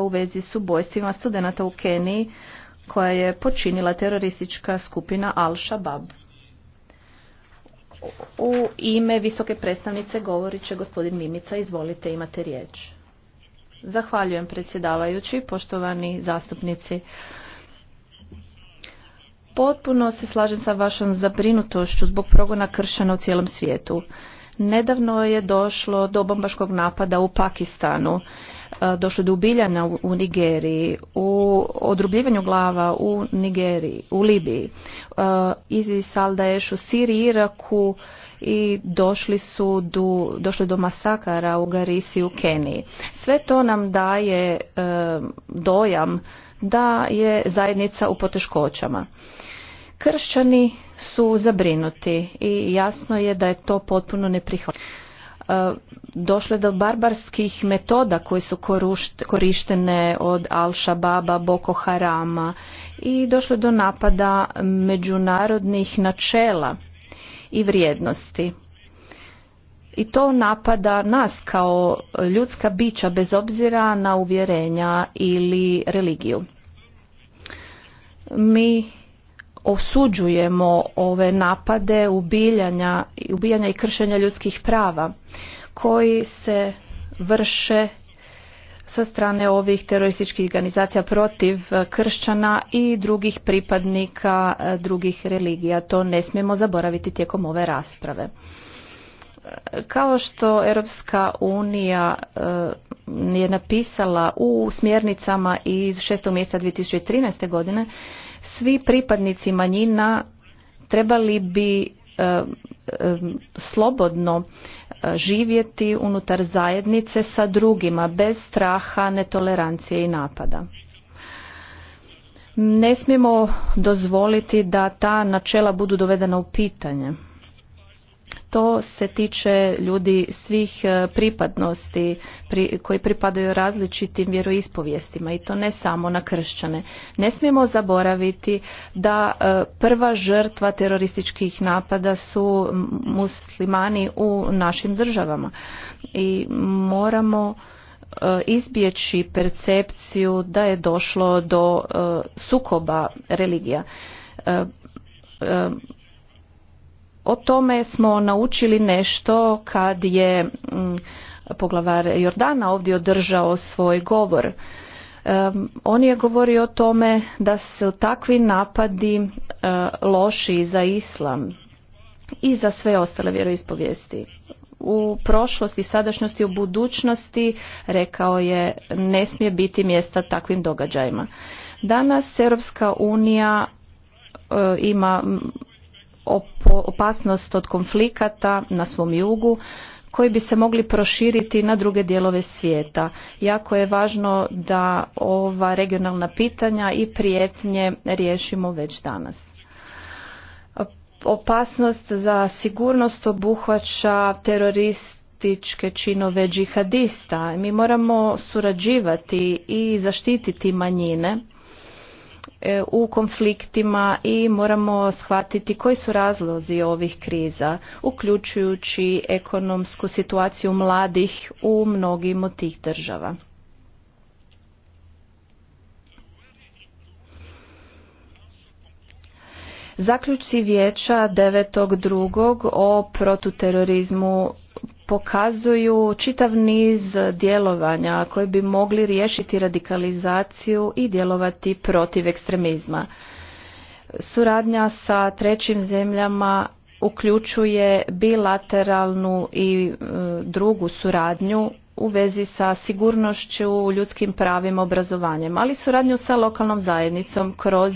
u vezi s ubojstvima studenata u Keniji koja je počinila teroristička skupina Al-Shabaab. U ime visoke predstavnice govorit će gospodin Mimica. Izvolite, imate riječ. Zahvaljujem predsjedavajući, poštovani zastupnici. Potpuno se slažem sa vašom zabrinutošću zbog progona kršćana u cijelom svijetu. Nedavno je došlo do bombaškog napada u Pakistanu došlo do ubiljana u, u Nigeriji, u odrubljivanju glava u Nigeriji, u Libiji, izi u Siriji, Iraku i došli su do, došli do masakara u Garisi u Keniji. Sve to nam daje dojam da je zajednica u poteškoćama. Kršćani su zabrinuti i jasno je da je to potpuno neprihvatljivo. E, došle do barbarskih metoda koje su korištene od Al-Shababa, Boko Harama i došlo do napada međunarodnih načela i vrijednosti. I to napada nas kao ljudska bića bez obzira na uvjerenja ili religiju. Mi osuđujemo ove napade ubijanja, ubijanja i kršenja ljudskih prava koji se vrše sa strane ovih terorističkih organizacija protiv e, kršćana i drugih pripadnika e, drugih religija. To ne smijemo zaboraviti tijekom ove rasprave. E, kao što Europska unija je napisala u smjernicama iz 6. mjeseca 2013. godine, svi pripadnici manjina trebali bi e, e, slobodno e, živjeti unutar zajednice sa drugima bez straha, netolerancije i napada. Ne smijemo dozvoliti da ta načela budu dovedena u pitanje. To se tiče ljudi svih e, pripadnosti koji pripadaju različitim vjeroispovijestima i to ne samo na kršćane. Ne smijemo zaboraviti da e, prva žrtva terorističkih napada su muslimani u našim državama i moramo e, izbjeći percepciju da je došlo do sukoba religija o tome smo naučili nešto kad je mm, poglavar Jordana ovdje održao svoj govor. on je govorio o tome da su takvi napadi e, loši za islam i za sve ostale vjeroispovijesti. U prošlosti, sadašnjosti, u budućnosti, rekao je, ne smije biti mjesta takvim događajima. Danas Europska unija e, ima opasnost od konflikata na svom jugu koji bi se mogli proširiti na druge dijelove svijeta. Jako je važno da ova regionalna pitanja i prijetnje riješimo već danas. Opasnost za sigurnost obuhvaća terorističke činove džihadista. Mi moramo surađivati i zaštititi manjine E, u konfliktima i moramo shvatiti koji su razlozi ovih kriza, uključujući ekonomsku situaciju mladih u mnogim od tih država. Zaključci vijeća 9.2. o protuterorizmu pokazuju čitav niz djelovanja koji bi mogli riješiti radikalizaciju i djelovati protiv ekstremizma. Suradnja sa trećim zemljama uključuje bilateralnu i e, drugu suradnju u vezi sa sigurnošću, ljudskim pravim obrazovanjem, ali suradnju sa lokalnom zajednicom kroz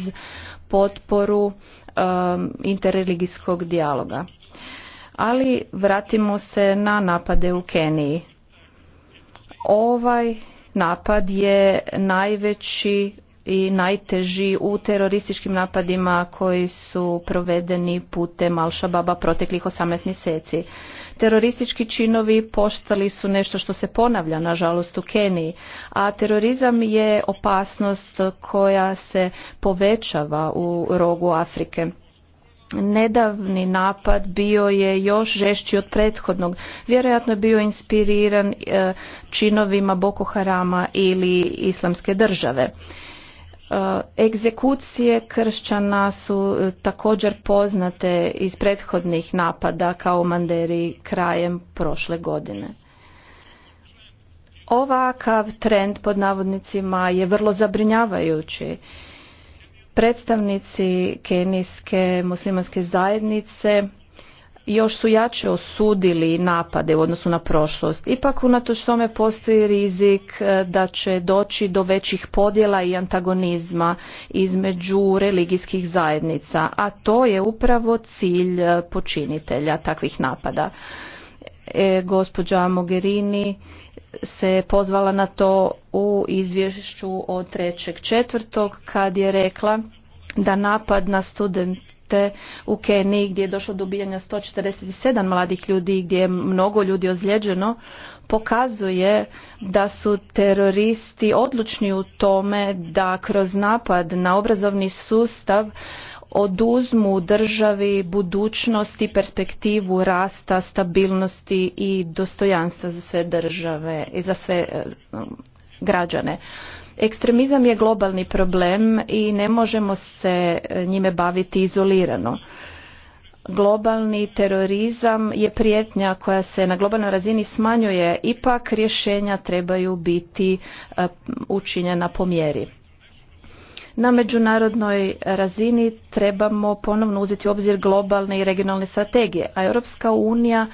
potporu e, interreligijskog dijaloga. Ali vratimo se na napade u Keniji. Ovaj napad je najveći i najteži u terorističkim napadima koji su provedeni putem al proteklih 18 mjeseci. Teroristički činovi postali su nešto što se ponavlja, nažalost, u Keniji, a terorizam je opasnost koja se povećava u rogu Afrike nedavni napad bio je još žešći od prethodnog. Vjerojatno je bio inspiriran e, činovima Boko Harama ili islamske države. E, egzekucije kršćana su e, također poznate iz prethodnih napada kao Manderi krajem prošle godine. Ovakav trend pod navodnicima je vrlo zabrinjavajući Predstavnici kenijske muslimanske zajednice još su jače osudili napade u odnosu na prošlost. Ipak unatoč tome postoji rizik e, da će doći do većih podjela i antagonizma između religijskih zajednica, a to je upravo cilj e, počinitelja takvih napada. E, gospođa Mogherini se pozvala na to u izvješću od 3.4. kad je rekla da napad na studente u Keniji gdje je došlo do ubijanja 147 mladih ljudi gdje je mnogo ljudi ozlijeđeno pokazuje da su teroristi odlučni u tome da kroz napad na obrazovni sustav oduzmu državi budućnost i perspektivu rasta, stabilnosti i dostojanstva za sve države i za sve e, um, građane. Ekstremizam je globalni problem i ne možemo se e, njime baviti izolirano. Globalni terorizam je prijetnja koja se na globalnoj razini smanjuje, ipak rješenja trebaju biti e, učinjena po mjeri. Na međunarodnoj razini trebamo ponovno uzeti u obzir globalne i regionalne strategije, a Europska unija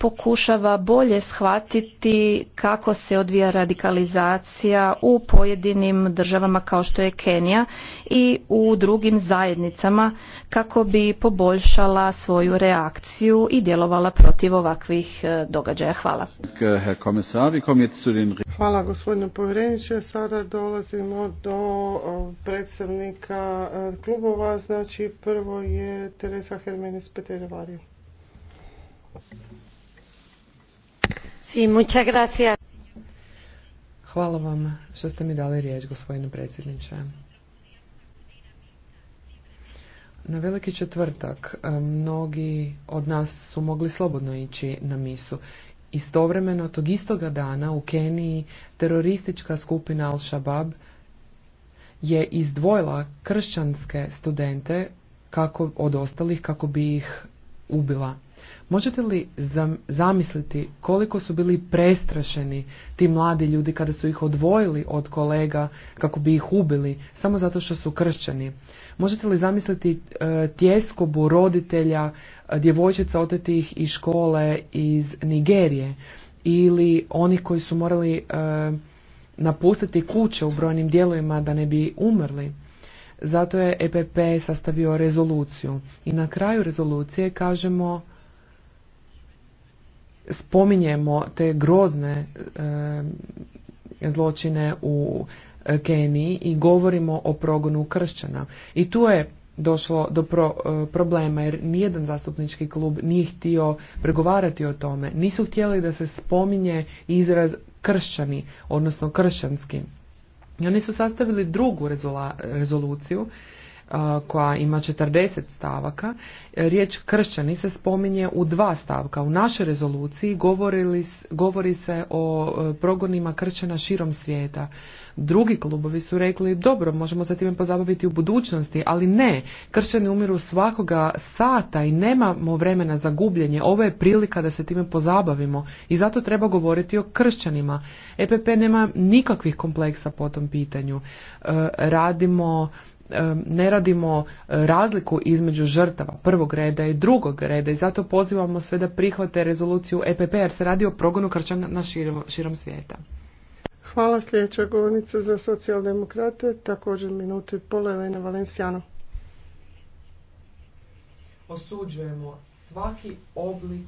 pokušava bolje shvatiti kako se odvija radikalizacija u pojedinim državama kao što je Kenija i u drugim zajednicama kako bi poboljšala svoju reakciju i djelovala protiv ovakvih e, događaja. Hvala. Hvala gospodine povjereniče. Sada dolazimo do predstavnika e, klubova. Znači prvo je Teresa Hermenis petervari. Hvala vam što ste mi dali riječ, gospodine predsjedniče. Na veliki četvrtak e, mnogi od nas su mogli slobodno ići na misu. Istovremeno tog istoga dana u Keniji teroristička skupina Al-Shabaab je izdvojila kršćanske studente kako, od ostalih kako bi ih ubila. Možete li zamisliti koliko su bili prestrašeni ti mladi ljudi kada su ih odvojili od kolega kako bi ih ubili samo zato što su kršćani? Možete li zamisliti e, tjeskobu roditelja e, djevojčica otetih iz škole iz Nigerije ili onih koji su morali e, napustiti kuće u brojnim dijelovima da ne bi umrli? Zato je EPP sastavio rezoluciju i na kraju rezolucije kažemo spominjemo te grozne eh, zločine u eh, Keniji i govorimo o progonu kršćana. I tu je došlo do eh, problema jer nijedan zastupnički klub nije htio pregovarati o tome. Nisu htjeli da se spominje izraz kršćani, odnosno kršćanski. oni su sastavili drugu rezoluciju koja ima 40 stavaka, e, riječ kršćani se spominje u dva stavka. U našoj rezoluciji govori se o e, progonima kršćana širom svijeta. Drugi klubovi su rekli, dobro, možemo se time pozabaviti u budućnosti, ali ne, kršćani umiru svakoga sata i nemamo vremena za gubljenje. Ovo je prilika da se time pozabavimo i zato treba govoriti o kršćanima. EPP nema nikakvih kompleksa po tom pitanju. E, radimo ne radimo e, razliku između žrtava prvog reda i drugog reda i zato pozivamo sve da prihvate rezoluciju EPP jer se radi o progonu krčana na širom, svijeta. Hvala sljedeća govornica za socijaldemokrate, također minutu i pola Elena Valencijano. Osuđujemo svaki oblik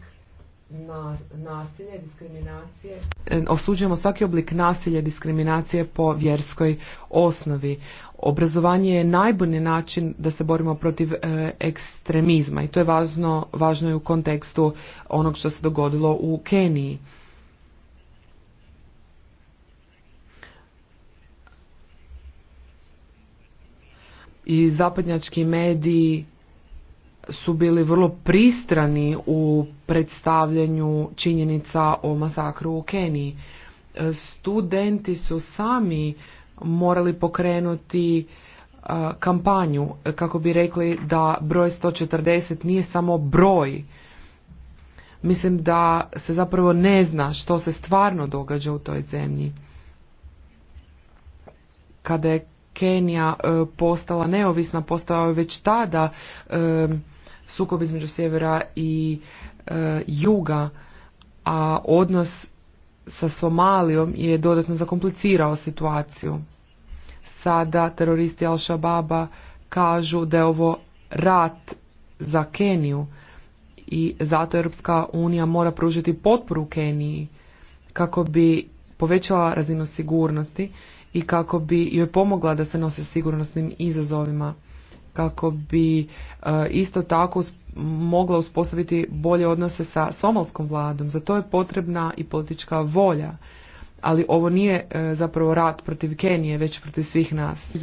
nasilje, diskriminacije. Osuđujemo svaki oblik nasilja, diskriminacije po vjerskoj osnovi. Obrazovanje je najbolji način da se borimo protiv e, ekstremizma i to je važno, važno i u kontekstu onog što se dogodilo u Keniji. I zapadnjački mediji su bili vrlo pristrani u predstavljanju činjenica o masakru u Keniji. E, studenti su sami morali pokrenuti kampanju kako bi rekli da broj 140 nije samo broj mislim da se zapravo ne zna što se stvarno događa u toj zemlji kada je Kenija e, postala neovisna postao je već tada e, sukob između sjevera i e, juga a odnos sa Somalijom je dodatno zakomplicirao situaciju Sada teroristi Al-Shababa kažu da je ovo rat za Keniju i zato Europska unija mora pružiti potporu Keniji kako bi povećala razinu sigurnosti i kako bi joj pomogla da se nose sigurnosnim izazovima kako bi eh, isto tako mogla uspostaviti bolje odnose sa somalskom vladom. Za to je potrebna i politička volja ali ovo nije e, zapravo rat protiv Kenije, već protiv svih nas.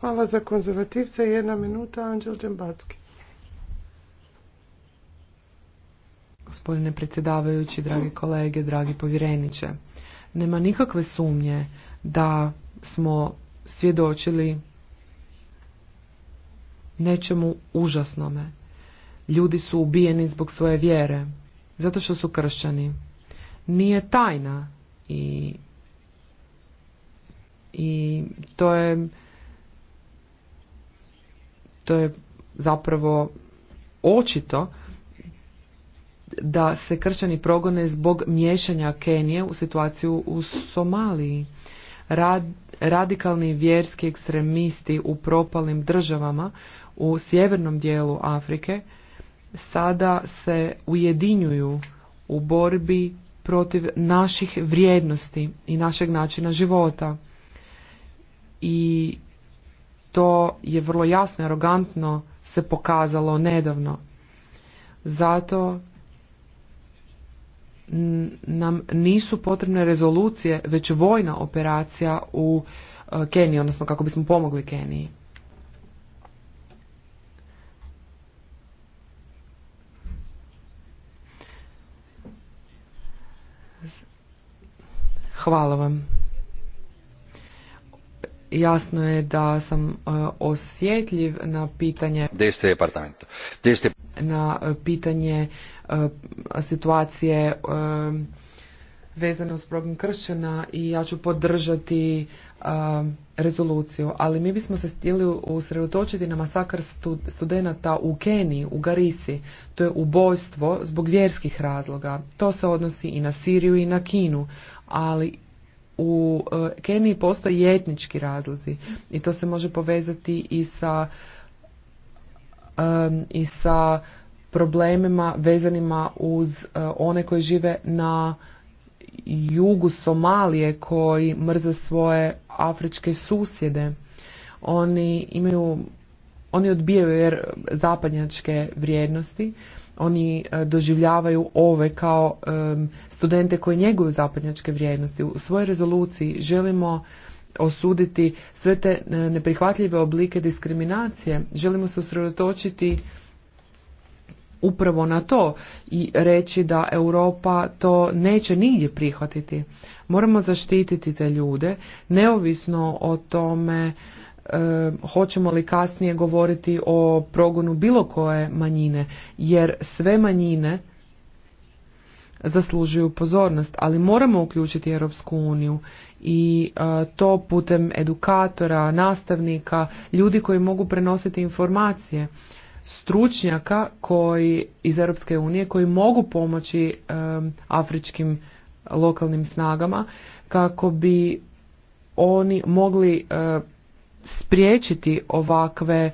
Hvala za konzervativce, jedna minuta, Anđel Džembacki. Gospodine predsjedavajući, dragi kolege, dragi povjereniče, nema nikakve sumnje da smo svjedočili nečemu užasnome. Ljudi su ubijeni zbog svoje vjere, zato što su kršćani. Nije tajna i i to je to je zapravo očito da se kršćani progone zbog miješanja Kenije u situaciju u Somaliji. radikalni vjerski ekstremisti u propalim državama u sjevernom dijelu Afrike sada se ujedinjuju u borbi protiv naših vrijednosti i našeg načina života. I to je vrlo jasno i arogantno se pokazalo nedavno. Zato nam nisu potrebne rezolucije, već vojna operacija u e, Keniji, odnosno kako bismo pomogli Keniji. Hvala vam. Jasno je da sam e, osjetljiv na pitanje na e, pitanje e, situacije vezano uz problem kršćana i ja ću podržati rezoluciju, ali mi bismo se htjeli usredotočiti na masakar studenata u Keniji, u Garisi. To je ubojstvo zbog vjerskih razloga. To se odnosi i na Siriju i na Kinu, ali u e, Keniji postoje etnički razlozi i to se može povezati i sa i sa problemima vezanima uz e, one koji žive na jugu Somalije koji mrze svoje afričke susjede. Oni imaju, oni odbijaju jer zapadnjačke vrijednosti, oni e, doživljavaju ove kao e, studente koji njeguju zapadnjačke vrijednosti. U svojoj rezoluciji želimo osuditi sve te e, neprihvatljive oblike diskriminacije. Želimo se usredotočiti upravo na to i reći da Europa to neće nigdje prihvatiti. Moramo zaštititi te ljude, neovisno o tome e, hoćemo li kasnije govoriti o progonu bilo koje manjine jer sve manjine zaslužuju pozornost ali moramo uključiti Europsku uniju i e, to putem edukatora, nastavnika, ljudi koji mogu prenositi informacije stručnjaka koji iz Europske unije koji mogu pomoći afričkim lokalnim snagama kako bi oni mogli eh, spriječiti ovakve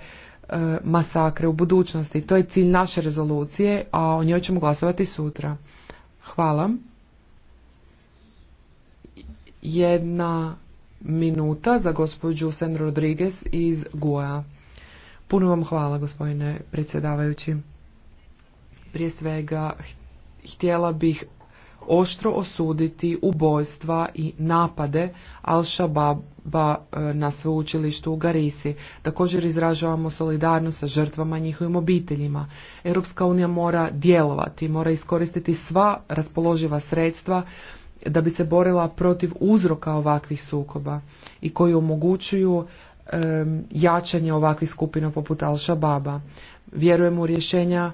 eh, masakre u budućnosti. To je cilj naše rezolucije, a o njoj ćemo glasovati sutra. Hvala. Jedna minuta za gospođu Sen Rodriguez iz Goja. Puno vam hvala, gospodine predsjedavajući. Prije svega, htjela bih oštro osuditi ubojstva i napade Al-Shababa e, na sveučilištu u Garisi. Također izražavamo solidarnost sa žrtvama i njihovim obiteljima. Europska unija mora djelovati, mora iskoristiti sva raspoloživa sredstva da bi se borila protiv uzroka ovakvih sukoba i koji omogućuju jačanje ovakvih skupina poput Al-Shababa. Vjerujemo u rješenja,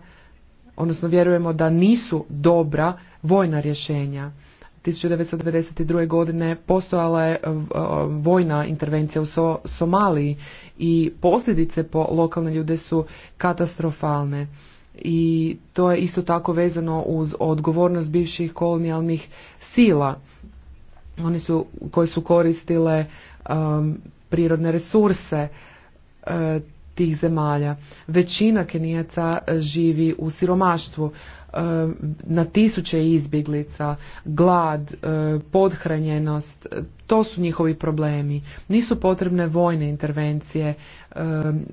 odnosno vjerujemo da nisu dobra vojna rješenja. 1992. godine postojala je vojna intervencija u Somaliji i posljedice po lokalne ljude su katastrofalne. I to je isto tako vezano uz odgovornost bivših kolonijalnih sila. Oni su, koje su koristile um, prirodne resurse e, tih zemalja. Većina Kenijaca živi u siromaštvu, e, na tisuće izbjeglica, glad, e, podhranjenost, to su njihovi problemi. Nisu potrebne vojne intervencije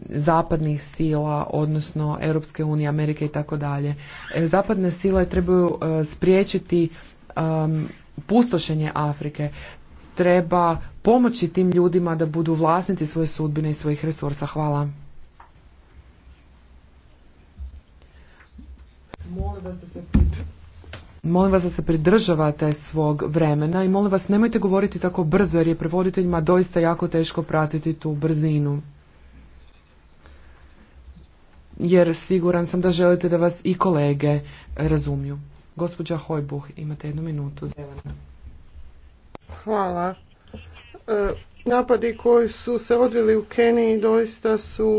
zapadnih sila, odnosno Europske unije, Amerike i tako dalje. Zapadne sile trebaju spriječiti pustošenje Afrike treba pomoći tim ljudima da budu vlasnici svoje sudbine i svojih resursa. Hvala. Molim vas da se pridržavate svog vremena i molim vas nemojte govoriti tako brzo jer je prevoditeljima doista jako teško pratiti tu brzinu. Jer siguran sam da želite da vas i kolege razumiju. Gospođa Hojbuh, imate jednu minutu. Zelena. Hvala. E, napadi koji su se odvili u Keniji doista su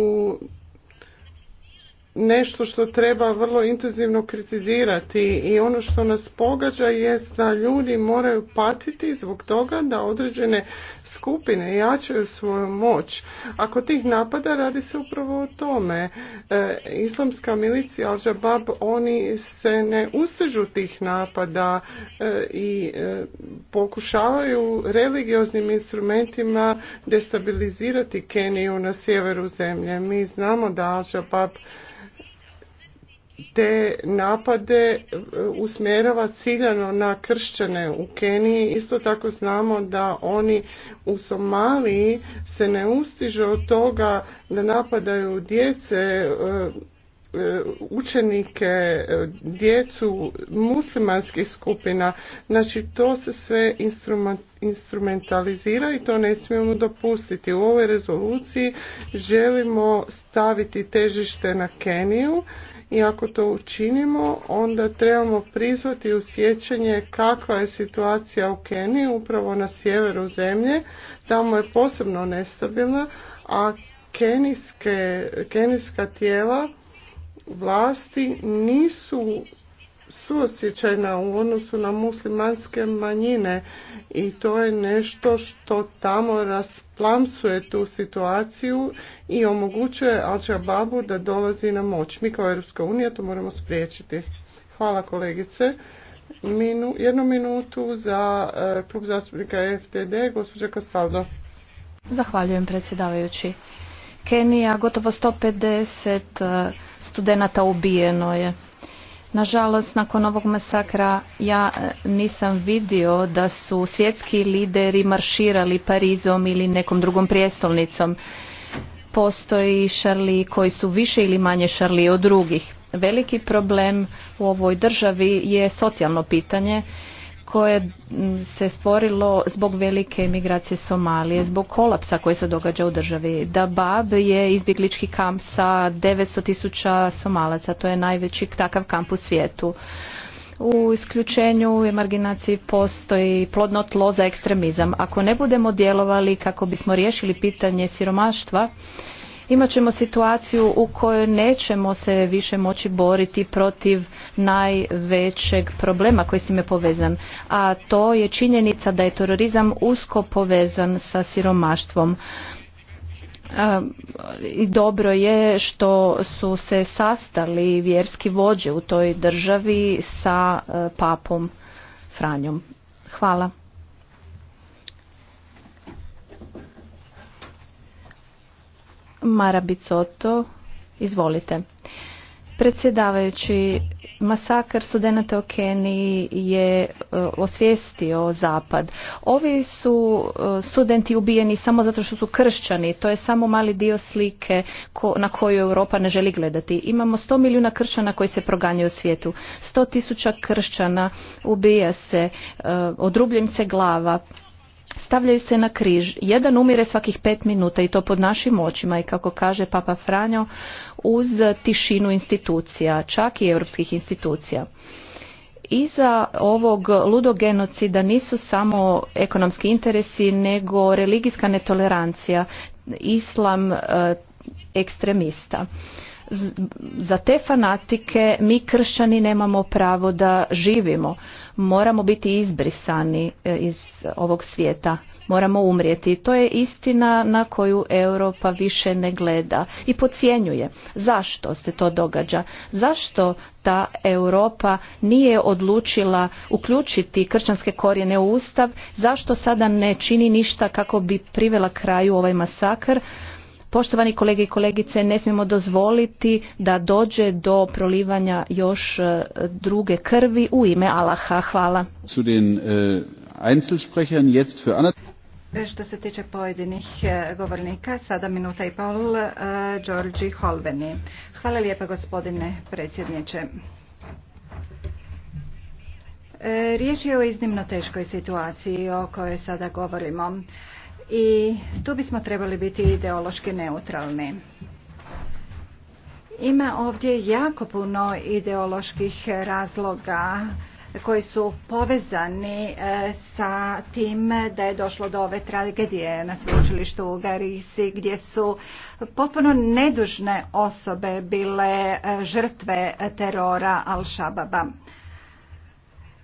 nešto što treba vrlo intenzivno kritizirati i ono što nas pogađa jest da ljudi moraju patiti zbog toga da određene skupine jačaju svoju moć. Ako tih napada radi se upravo o tome. E, islamska milicija Al-Jabab, oni se ne ustežu tih napada e, i e, pokušavaju religioznim instrumentima destabilizirati Keniju na sjeveru zemlje. Mi znamo da Al-Jabab te napade e, usmjerava ciljano na kršćane u Keniji. Isto tako znamo da oni u Somaliji se ne ustiže od toga da napadaju djece, e, e, učenike, djecu muslimanskih skupina. Znači to se sve instrumentalizira i to ne smijemo dopustiti. U ovoj rezoluciji želimo staviti težište na Keniju i ako to učinimo onda trebamo prizvati usjećanje kakva je situacija u Keniji upravo na sjeveru zemlje tamo je posebno nestabilna a kenijska tijela vlasti nisu suosjećajna u odnosu na muslimanske manjine i to je nešto što tamo rasplamsuje tu situaciju i omogućuje al jababu da dolazi na moć. Mi kao Europska unija to moramo spriječiti. Hvala kolegice. Minu, jednu minutu za e, klub zastupnika FTD, gospođa Kastaldo. Zahvaljujem predsjedavajući. Kenija, gotovo 150 e, studenata ubijeno je Nažalost, nakon ovog masakra ja e, nisam vidio da su svjetski lideri marširali Parizom ili nekom drugom prijestolnicom. Postoji šarli koji su više ili manje šarli od drugih. Veliki problem u ovoj državi je socijalno pitanje koje se stvorilo zbog velike emigracije Somalije, zbog kolapsa koji se događa u državi. Dabab je izbjeglički kamp sa 900 tisuća Somalaca, to je najveći takav kamp u svijetu. U isključenju i marginaciji postoji plodno tlo za ekstremizam. Ako ne budemo djelovali kako bismo riješili pitanje siromaštva, ćemo situaciju u kojoj nećemo se više moći boriti protiv najvećeg problema koji s time povezan, a to je činjenica da je terorizam usko povezan sa siromaštvom. I dobro je što su se sastali vjerski vođe u toj državi sa e, papom Franjom. Hvala. Mara Bicoto, izvolite. Predsjedavajući, masakar studenta u Keniji je e, osvijestio zapad. Ovi su e, studenti ubijeni samo zato što su kršćani. To je samo mali dio slike na koju Europa ne želi gledati. Imamo 100 milijuna kršćana koji se proganjaju u svijetu. sto tisuća kršćana ubija se, e, odrubljujem se glava, stavljaju se na križ. Jedan umire svakih pet minuta i to pod našim očima i kako kaže Papa Franjo uz tišinu institucija, čak i europskih institucija. Iza ovog ludog genocida nisu samo ekonomski interesi nego religijska netolerancija, islam eh, ekstremista za te fanatike mi kršćani nemamo pravo da živimo. Moramo biti izbrisani e, iz ovog svijeta. Moramo umrijeti. To je istina na koju Europa više ne gleda i pocijenjuje. Zašto se to događa? Zašto ta Europa nije odlučila uključiti kršćanske korijene u Ustav? Zašto sada ne čini ništa kako bi privela kraju ovaj masakr? Poštovani kolege i kolegice, ne smijemo dozvoliti da dođe do prolivanja još e, druge krvi u ime Allaha. Hvala. E, e, što se tiče pojedinih govornika, sada minuta i pol, uh, Georgi Holveni. Hvala lijepa gospodine predsjedniče. Riječ je o iznimno teškoj situaciji o kojoj sada govorimo i tu bismo trebali biti ideološki neutralni. Ima ovdje jako puno ideoloških razloga koji su povezani e, sa tim da je došlo do ove tragedije na sveučilištu u Garisi gdje su potpuno nedužne osobe bile e, žrtve terora Al-Shababa.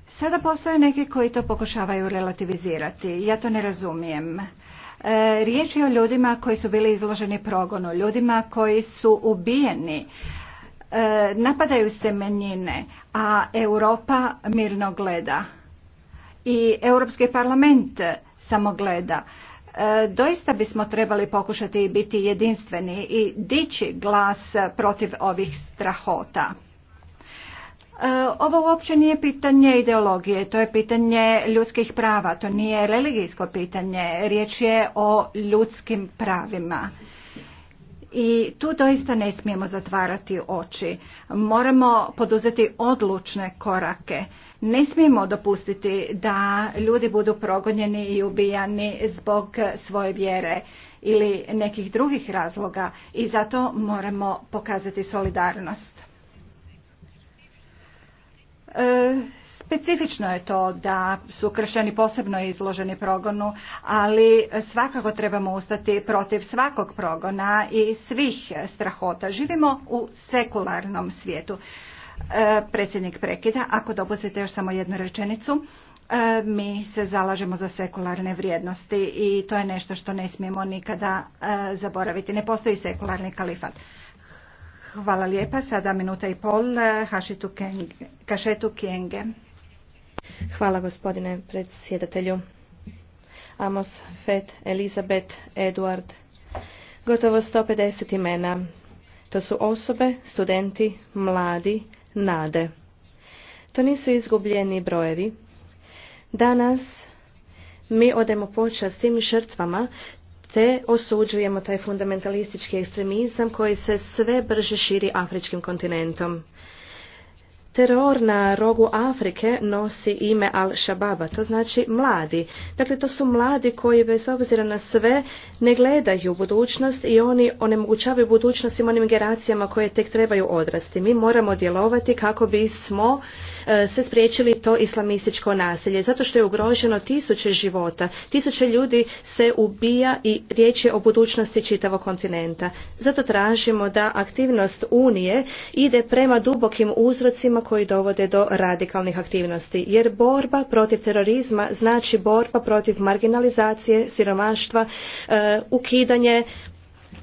Sada postoje neki koji to pokušavaju relativizirati. Ja to ne razumijem. E, riječ je o ljudima koji su bili izloženi progonu, ljudima koji su ubijeni. E, napadaju se menjine, a Europa mirno gleda. I Europski parlament samo gleda. E, doista bismo trebali pokušati biti jedinstveni i dići glas protiv ovih strahota. E, ovo uopće nije pitanje ideologije, to je pitanje ljudskih prava, to nije religijsko pitanje, riječ je o ljudskim pravima. I tu doista ne smijemo zatvarati oči. Moramo poduzeti odlučne korake. Ne smijemo dopustiti da ljudi budu progonjeni i ubijani zbog svoje vjere ili nekih drugih razloga i zato moramo pokazati solidarnost. E, specifično je to da su kršćani posebno izloženi progonu, ali svakako trebamo ustati protiv svakog progona i svih strahota. Živimo u sekularnom svijetu. E, predsjednik prekida, ako dopustite još samo jednu rečenicu, e, mi se zalažemo za sekularne vrijednosti i to je nešto što ne smijemo nikada zaboraviti. Ne postoji sekularni kalifat. Hvala lijepa. Sada minuta i pol eh, Kašetu Kenge. Hvala gospodine predsjedatelju. Amos, Fet, elizabeth Eduard. Gotovo 150 imena. To su osobe, studenti, mladi, nade. To nisu izgubljeni brojevi. Danas mi odemo s tim žrtvama te osuđujemo taj fundamentalistički ekstremizam koji se sve brže širi afričkim kontinentom. Teror na rogu Afrike nosi ime Al-Shababa, to znači mladi. Dakle, to su mladi koji bez obzira na sve ne gledaju budućnost i oni onemogućavaju budućnost i onim generacijama koje tek trebaju odrasti. Mi moramo djelovati kako bismo e, se spriječili to islamističko nasilje, zato što je ugroženo tisuće života, tisuće ljudi se ubija i riječ je o budućnosti čitavog kontinenta. Zato tražimo da aktivnost Unije ide prema dubokim uzrocima koji dovode do radikalnih aktivnosti. Jer borba protiv terorizma znači borba protiv marginalizacije, siromaštva, e, ukidanje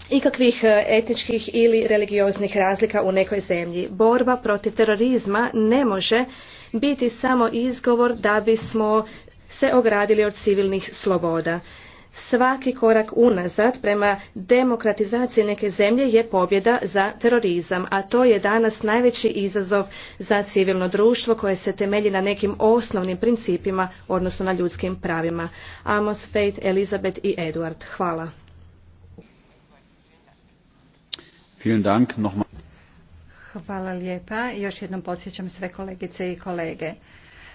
ikakvih e, etničkih ili religioznih razlika u nekoj zemlji. Borba protiv terorizma ne može biti samo izgovor da bismo se ogradili od civilnih sloboda svaki korak unazad prema demokratizaciji neke zemlje je pobjeda za terorizam, a to je danas najveći izazov za civilno društvo koje se temelji na nekim osnovnim principima, odnosno na ljudskim pravima. Amos, Faith, Elizabeth i Edward. Hvala. Hvala lijepa. Još jednom podsjećam sve kolegice i kolege.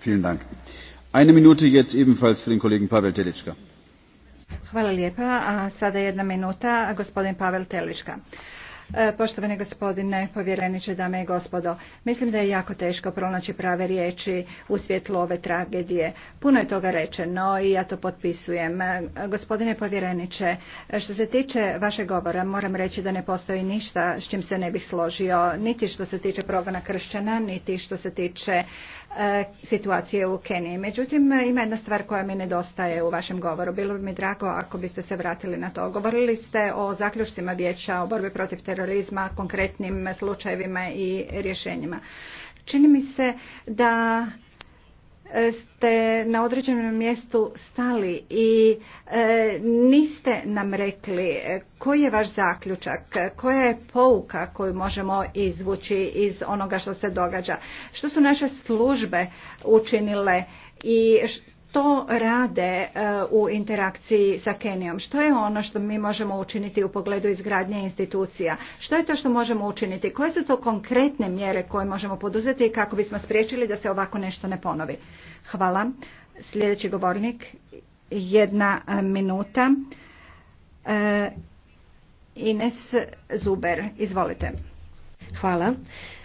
Vielen Dank. minute Hvala lijepa. A sada jedna minuta, gospodin Pavel E, poštovani gospodine povjereniče, dame i gospodo, mislim da je jako teško pronaći prave riječi u svjetlu ove tragedije. Puno je toga rečeno i ja to potpisujem. E, gospodine povjereniče, što se tiče vašeg govora, moram reći da ne postoji ništa s čim se ne bih složio, niti što se tiče progona kršćana, niti što se tiče e, situacije u Keniji. Međutim, ima jedna stvar koja mi nedostaje u vašem govoru. Bilo bi mi drago ako biste se vratili na to. Govorili ste o zaključcima vijeća o borbi protiv terorizma terorizma, konkretnim slučajevima i rješenjima. Čini mi se da ste na određenom mjestu stali i e, niste nam rekli koji je vaš zaključak, koja je pouka koju možemo izvući iz onoga što se događa, što su naše službe učinile i to rade e, u interakciji sa Kenijom? Što je ono što mi možemo učiniti u pogledu izgradnje institucija? Što je to što možemo učiniti? Koje su to konkretne mjere koje možemo poduzeti kako bismo spriječili da se ovako nešto ne ponovi? Hvala. Sljedeći govornik, jedna e, minuta. E, Ines Zuber, izvolite. Hvala.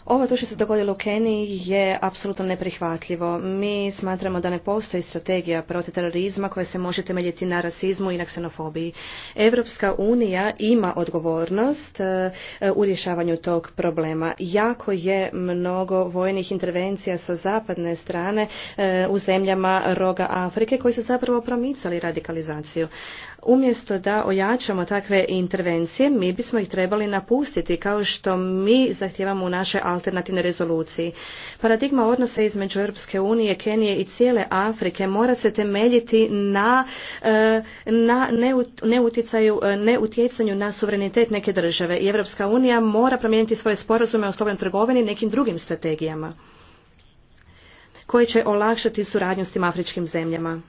Ovo to što se dogodilo u Keniji je apsolutno neprihvatljivo. Mi smatramo da ne postoji strategija protiv terorizma koja se može temeljiti na rasizmu i na ksenofobiji. Europska unija ima odgovornost e, u rješavanju tog problema. Jako je mnogo vojnih intervencija sa zapadne strane e, u zemljama roga Afrike koji su zapravo promicali radikalizaciju. Umjesto da ojačamo takve intervencije, mi bismo ih trebali napustiti, kao što mi zahtijevamo u našoj alternativnoj rezoluciji. Paradigma odnosa između Europske unije, Kenije i cijele Afrike mora se temeljiti na, eh, na neuticaju, eh, neutjecanju na suverenitet neke države. I Europska unija mora promijeniti svoje sporazume o slobodnoj trgovini nekim drugim strategijama koje će olakšati suradnju s tim afričkim zemljama.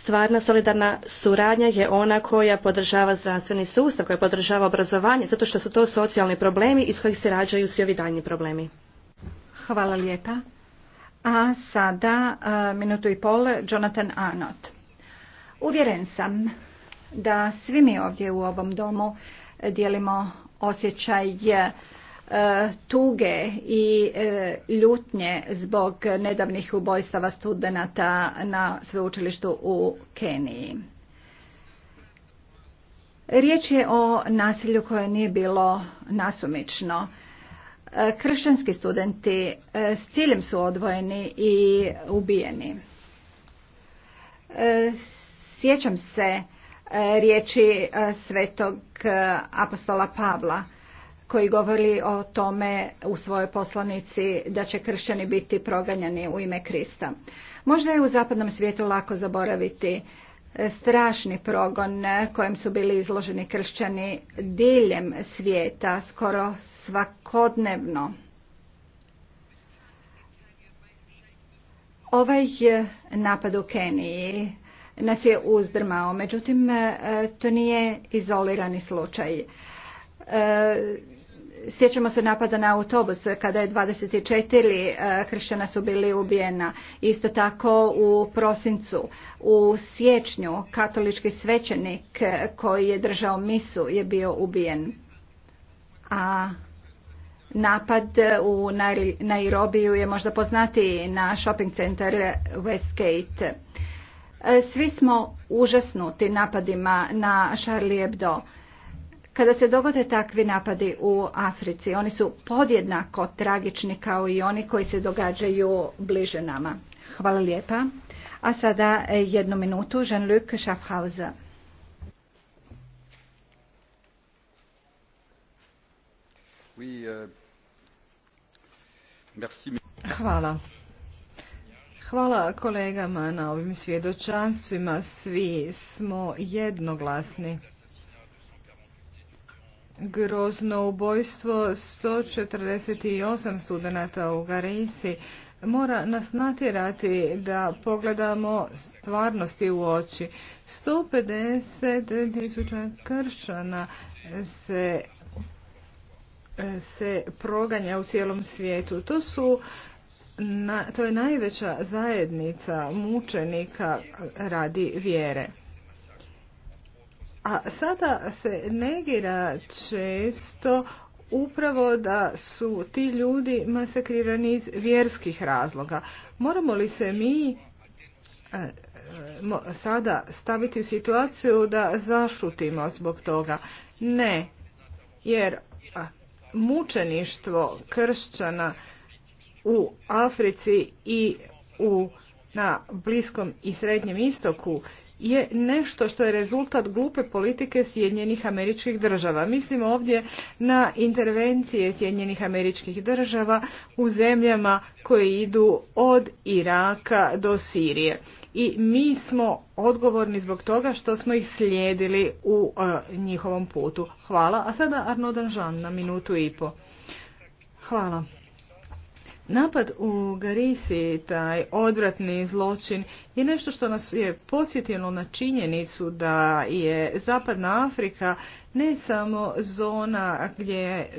Stvarna solidarna suradnja je ona koja podržava zdravstveni sustav, koja podržava obrazovanje, zato što su to socijalni problemi iz kojih se rađaju svi ovi daljni problemi. Hvala lijepa. A sada e, minutu i pol Jonathan Arnott. Uvjeren sam da svi mi ovdje u ovom domu dijelimo osjećaj e, E, tuge i e, ljutnje zbog nedavnih ubojstava studenata na sveučilištu u Keniji. Riječ je o nasilju koje nije bilo nasumično. E, kršćanski studenti s ciljem su odvojeni i ubijeni. Sjećam se riječi svetog apostola Pavla – koji govori o tome u svojoj poslanici da će kršćani biti proganjani u ime Krista. Možda je u zapadnom svijetu lako zaboraviti e, strašni progon kojem su bili izloženi kršćani diljem svijeta skoro svakodnevno. Ovaj napad u Keniji nas je uzdrmao, međutim e, to nije izolirani slučaj. E, Sjećamo se napada na autobus kada je 24 eh, kršćana su bili ubijena. Isto tako u prosincu. U siječnju katolički svećenik eh, koji je držao misu je bio ubijen. A napad eh, u Nairobiju je možda poznatiji na shopping center Westgate. Svi smo užasnuti napadima na Charlie Hebdo kada se dogode takvi napadi u Africi, oni su podjednako tragični kao i oni koji se događaju bliže nama. Hvala lijepa. A sada e, jednu minutu, Jean-Luc Schaffhauser. Euh, Hvala. Hvala kolegama na ovim svjedočanstvima. Svi smo jednoglasni grozno ubojstvo 148 studenata u garisi mora nas natjerati da pogledamo stvarnosti u oči. 150 tisuća kršana se, se proganja u cijelom svijetu. To su to je najveća zajednica mučenika radi vjere. A sada se negira često upravo da su ti ljudi masakrirani iz vjerskih razloga. Moramo li se mi e, sada staviti u situaciju da zašutimo zbog toga? Ne, jer mučeništvo kršćana u Africi i u, na Bliskom i Srednjem istoku je nešto što je rezultat glupe politike Sjedinjenih američkih država. Mislim ovdje na intervencije Sjedinjenih američkih država u zemljama koje idu od Iraka do Sirije. I mi smo odgovorni zbog toga što smo ih slijedili u e, njihovom putu. Hvala. A sada Arno Žan na minutu i po. Hvala. Napad u Garisi, taj odvratni zločin, je nešto što nas je podsjetilo na činjenicu da je Zapadna Afrika ne samo zona gdje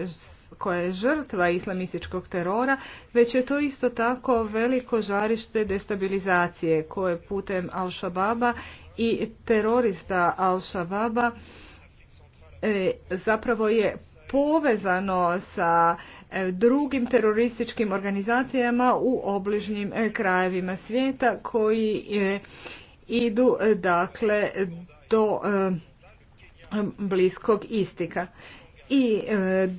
koja je žrtva islamističkog terora, već je to isto tako veliko žarište destabilizacije koje putem Al-Shababa i terorista Al-Shababa e, zapravo je povezano sa E, drugim terorističkim organizacijama u obližnjim e, krajevima svijeta koji e, idu dakle do bliskog istika. I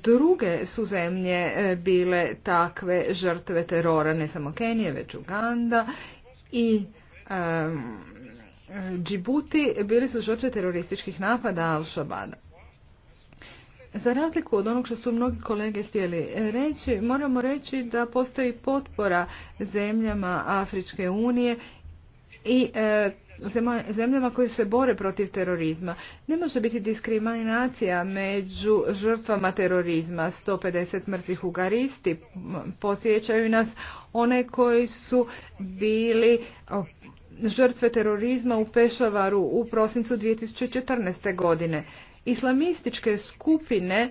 druge su zemlje bile takve žrtve terora, ne samo Kenije, već Uganda i Džibuti bili su žrtve terorističkih napada Al-Shabada. Za razliku od onog što su mnogi kolege htjeli reći, moramo reći da postoji potpora zemljama Afričke unije i e, zemljama koje se bore protiv terorizma. Ne može biti diskriminacija među žrtvama terorizma. 150 mrtvih ugaristi posjećaju nas one koji su bili žrtve terorizma u Pešavaru u prosincu 2014. godine islamističke skupine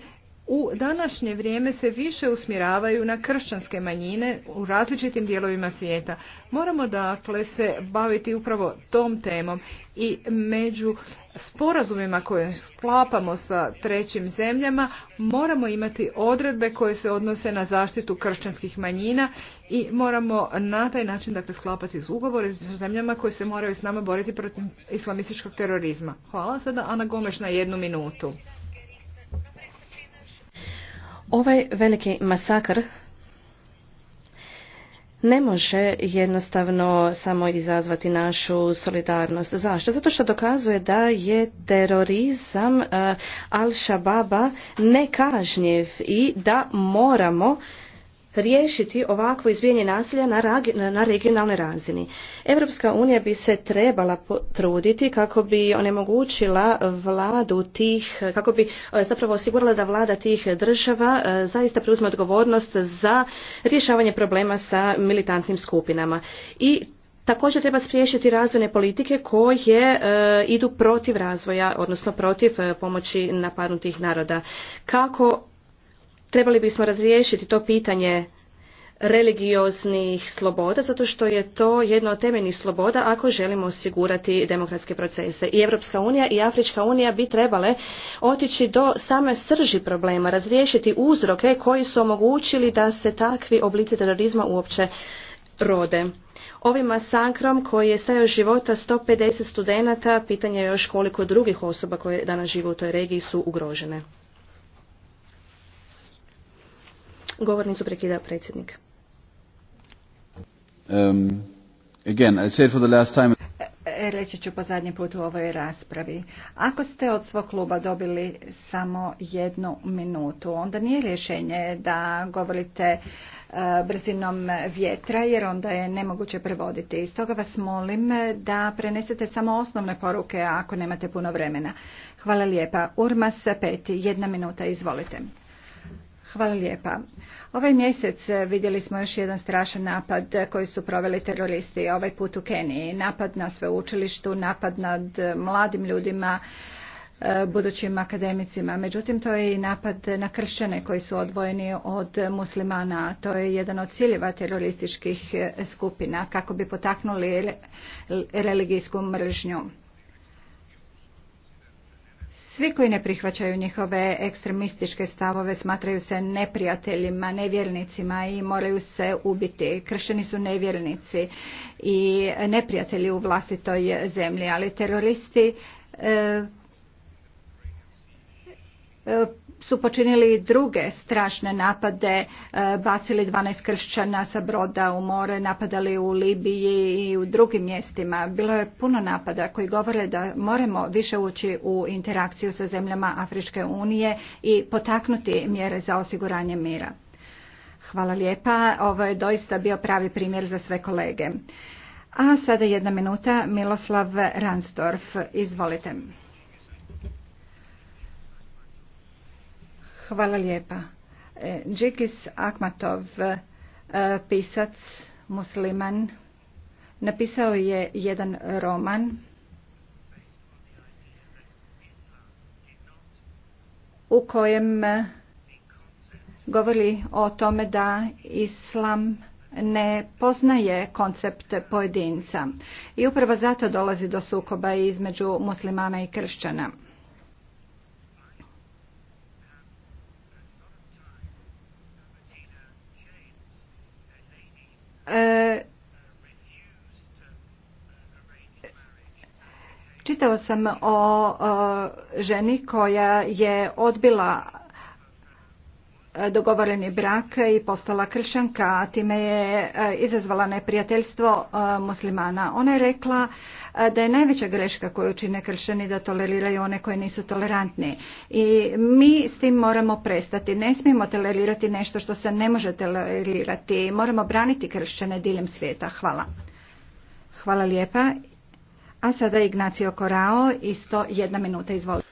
u današnje vrijeme se više usmjeravaju na kršćanske manjine u različitim dijelovima svijeta. Moramo dakle se baviti upravo tom temom i među sporazumima koje sklapamo sa trećim zemljama moramo imati odredbe koje se odnose na zaštitu kršćanskih manjina i moramo na taj način dakle sklapati ugovore sa zemljama koje se moraju s nama boriti protiv islamističkog terorizma. Hvala sada Ana Gomeš na jednu minutu. Ovaj veliki masakr ne može jednostavno samo izazvati našu solidarnost. Zašto? Zato što dokazuje da je terorizam eh, Al-Shababa nekažnjev i da moramo riješiti ovakvo izbijanje nasilja na, regionalnoj razini. Europska unija bi se trebala potruditi kako bi onemogućila vladu tih, kako bi e, zapravo osigurala da vlada tih država e, zaista preuzme odgovornost za rješavanje problema sa militantnim skupinama. I Također treba spriješiti razvojne politike koje e, idu protiv razvoja, odnosno protiv pomoći napadnutih naroda. Kako trebali bismo razriješiti to pitanje religioznih sloboda zato što je to jedno od temeljnih sloboda ako želimo osigurati demokratske procese. I Europska unija i Afrička unija bi trebale otići do same srži problema, razriješiti uzroke koji su omogućili da se takvi oblici terorizma uopće rode. Ovim masakrom koji je stajao života 150 studenata, pitanje je još koliko drugih osoba koje danas žive u toj regiji su ugrožene. Govornicu prekida predsjednik. Um, e, reći ću po zadnji put u ovoj raspravi. Ako ste od svog kluba dobili samo jednu minutu, onda nije rješenje da govorite e, brzinom vjetra, jer onda je nemoguće prevoditi. Stoga vas molim da prenesete samo osnovne poruke ako nemate puno vremena. Hvala lijepa. Urmas Peti, jedna minuta, izvolite. Hvala lijepa. Ovaj mjesec e, vidjeli smo još jedan strašan napad koji su proveli teroristi, ovaj put u Keniji. Napad na sveučilištu, napad nad e, mladim ljudima, e, budućim akademicima. Međutim, to je i napad na kršćane koji su odvojeni od muslimana. To je jedan od ciljeva terorističkih skupina kako bi potaknuli religijsku mržnju. Svi koji ne prihvaćaju njihove ekstremističke stavove smatraju se neprijateljima, nevjernicima i moraju se ubiti. Kršeni su nevjernici i neprijatelji u vlastitoj zemlji, ali teroristi e, e, su počinili druge strašne napade, e, bacili 12 kršćana sa broda u more, napadali u Libiji i u drugim mjestima. Bilo je puno napada koji govore da moramo više ući u interakciju sa zemljama Afričke unije i potaknuti mjere za osiguranje mira. Hvala lijepa, ovo je doista bio pravi primjer za sve kolege. A sada jedna minuta, Miloslav Ransdorf, izvolite. Hvala lijepa. E, Džikis Akmatov, e, pisac, musliman, napisao je jedan roman u kojem e, govori o tome da islam ne poznaje koncept pojedinca i upravo zato dolazi do sukoba između muslimana i kršćana. Čitao sam o ženi koja je odbila dogovoreni brak i postala kršćanka, a time je e, izazvala neprijateljstvo e, muslimana. Ona je rekla e, da je najveća greška koju čine kršćani da toleriraju one koji nisu tolerantni. I mi s tim moramo prestati. Ne smijemo tolerirati nešto što se ne može tolerirati. Moramo braniti kršćane diljem svijeta. Hvala. Hvala lijepa. A sada Ignacio Korao, isto jedna minuta, izvolite.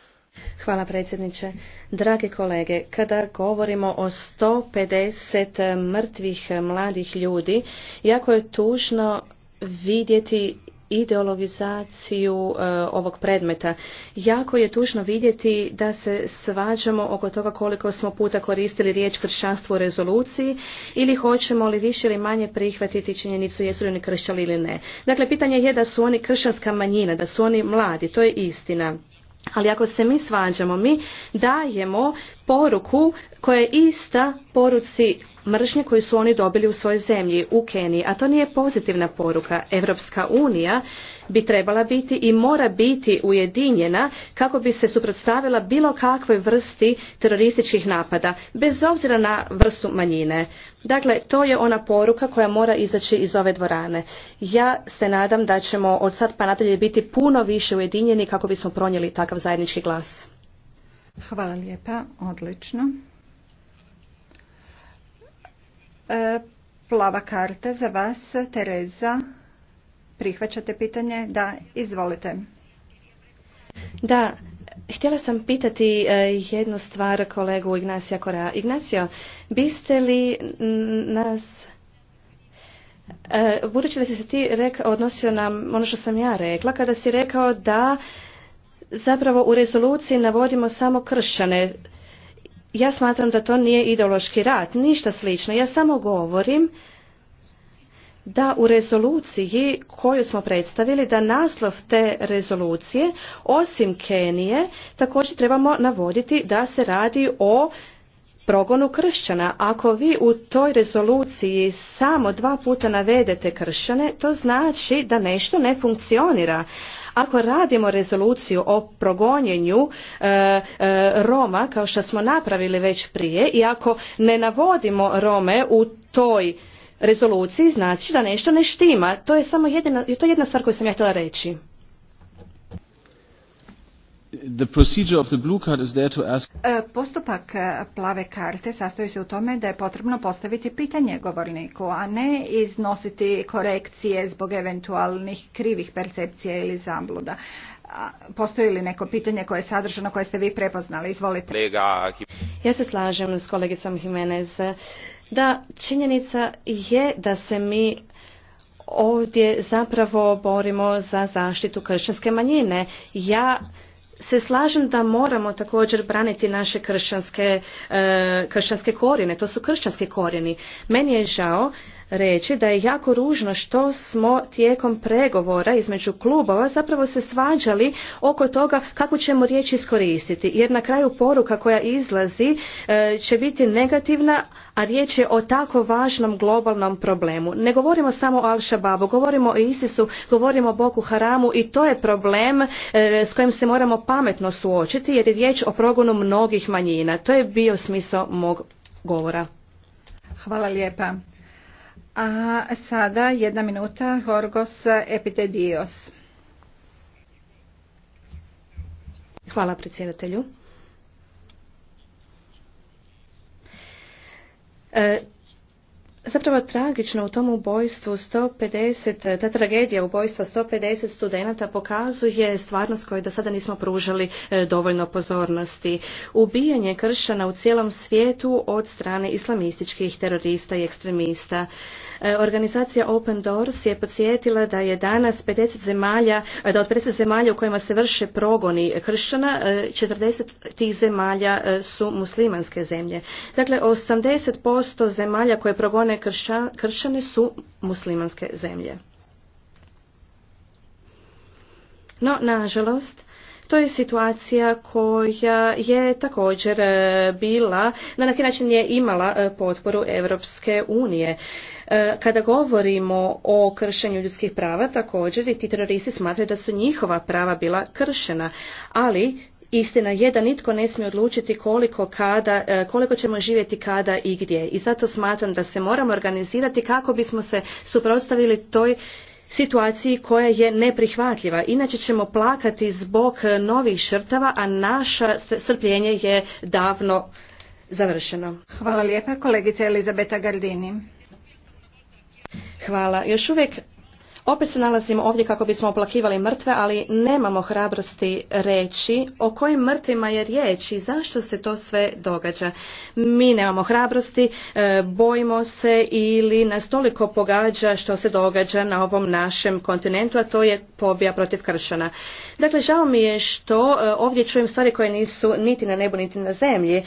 Hvala predsjedniče. Drage kolege, kada govorimo o 150 mrtvih mladih ljudi, jako je tužno vidjeti ideologizaciju e, ovog predmeta. Jako je tužno vidjeti da se svađamo oko toga koliko smo puta koristili riječ kršćanstvo u rezoluciji ili hoćemo li više ili manje prihvatiti činjenicu jesu li oni kršćani ili ne. Dakle, pitanje je da su oni kršćanska manjina, da su oni mladi, to je istina ali ako se mi svađamo mi dajemo poruku koja je ista poruci mržnje koju su oni dobili u svojoj zemlji, u Keniji, a to nije pozitivna poruka. Europska unija bi trebala biti i mora biti ujedinjena kako bi se suprotstavila bilo kakvoj vrsti terorističkih napada, bez obzira na vrstu manjine. Dakle, to je ona poruka koja mora izaći iz ove dvorane. Ja se nadam da ćemo od sad pa nadalje biti puno više ujedinjeni kako bismo pronijeli takav zajednički glas. Hvala lijepa, odlično. E, plava karta za vas, Tereza. Prihvaćate pitanje? Da, izvolite. Da, htjela sam pitati e, jednu stvar kolegu Ignacija Korea. Ignacio, biste li nas... E, budući da si se ti rekao, odnosio na ono što sam ja rekla, kada si rekao da zapravo u rezoluciji navodimo samo kršćane, ja smatram da to nije ideološki rat, ništa slično. Ja samo govorim da u rezoluciji koju smo predstavili, da naslov te rezolucije, osim Kenije, također trebamo navoditi da se radi o progonu kršćana. Ako vi u toj rezoluciji samo dva puta navedete kršćane, to znači da nešto ne funkcionira. Ako radimo rezoluciju o progonjenju e, e, Roma kao što smo napravili već prije i ako ne navodimo Rome u toj rezoluciji znači da nešto ne štima. To je samo jedina, to je jedna stvar koju sam ja htjela reći. Postupak plave karte sastoji se u tome da je potrebno postaviti pitanje govorniku, a ne iznositi korekcije zbog eventualnih krivih percepcija ili zambluda. Postoji li neko pitanje koje je sadržano, koje ste vi prepoznali? Izvolite. Ja se slažem s kolegicom Jimenez da činjenica je da se mi ovdje zapravo borimo za zaštitu kršćanske manjine. Ja se slažem da moramo također braniti naše kršćanske, e, kršćanske korijene, to su kršćanske korijeni. Meni je žao reći da je jako ružno što smo tijekom pregovora između klubova zapravo se svađali oko toga kako ćemo riječ iskoristiti. Jer na kraju poruka koja izlazi e, će biti negativna, a riječ je o tako važnom globalnom problemu. Ne govorimo samo o al govorimo o Isisu, govorimo o Boku Haramu i to je problem e, s kojim se moramo pametno suočiti jer je riječ o progonu mnogih manjina. To je bio smisao mog govora. Hvala lijepa. A sada jedna minuta, Horgos Epitedios. Hvala predsjedatelju. E, zapravo tragično u tom ubojstvu 150, ta tragedija ubojstva 150 studenta pokazuje stvarnost koju do sada nismo pružali e, dovoljno pozornosti. Ubijanje kršćana u cijelom svijetu od strane islamističkih terorista i ekstremista. E, organizacija Open Doors je podsjetila da je danas 50 zemalja, e, da od 50 zemalja u kojima se vrše progoni kršćana, 40 e, tih zemalja su muslimanske zemlje. Dakle, 80% zemalja koje progone kršćane su muslimanske zemlje. No, nažalost, to je situacija koja je također bila, na neki način je imala potporu Europske unije. E, kada govorimo o kršenju ljudskih prava, također i ti teroristi smatraju da su njihova prava bila kršena, ali Istina je da nitko ne smije odlučiti koliko, kada, e, koliko ćemo živjeti kada i gdje. I zato smatram da se moramo organizirati kako bismo se suprotstavili toj situaciji koja je neprihvatljiva. Inače ćemo plakati zbog novih šrtava, a naše strpljenje je davno završeno. Hvala lijepa kolegice Elizabeta Gardini. Hvala. Još uvijek opet se nalazimo ovdje kako bismo oplakivali mrtve, ali nemamo hrabrosti reći o kojim mrtvima je riječ i zašto se to sve događa. Mi nemamo hrabrosti, e, bojimo se ili nas toliko pogađa što se događa na ovom našem kontinentu, a to je pobija protiv kršana. Dakle, žao mi je što e, ovdje čujem stvari koje nisu niti na nebu, niti na zemlji.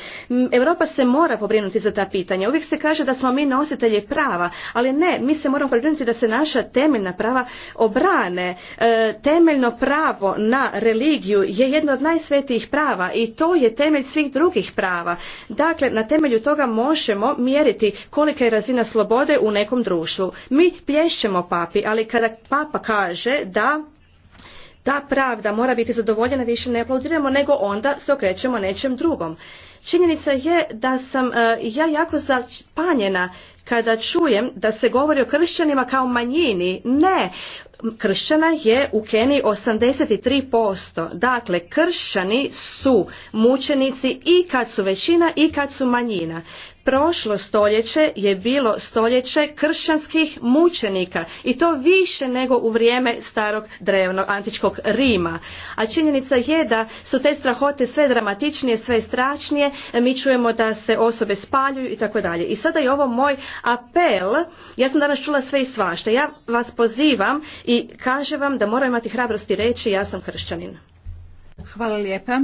Europa se mora pobrinuti za ta pitanja. Uvijek se kaže da smo mi nositelji prava, ali ne, mi se moramo pobrinuti da se naša temeljna prava obrane. E, temeljno pravo na religiju je jedno od najsvetijih prava i to je temelj svih drugih prava. Dakle, na temelju toga možemo mjeriti kolika je razina slobode u nekom društvu. Mi plješćemo papi, ali kada papa kaže da ta pravda mora biti zadovoljena, više ne aplaudiramo, nego onda se okrećemo nečem drugom. Činjenica je da sam e, ja jako zapanjena kada čujem da se govori o kršćanima kao manjini. Ne, kršćana je u Keniji 83%. Dakle, kršćani su mučenici i kad su većina i kad su manjina. Prošlo stoljeće je bilo stoljeće kršćanskih mučenika i to više nego u vrijeme starog drevnog antičkog Rima. A činjenica je da su te strahote sve dramatičnije, sve strašnije, mi čujemo da se osobe spaljuju i tako dalje. I sada je ovo moj apel, ja sam danas čula sve i svašta, ja vas pozivam i kažem vam da moram imati hrabrosti reći ja sam kršćanin. Hvala lijepa.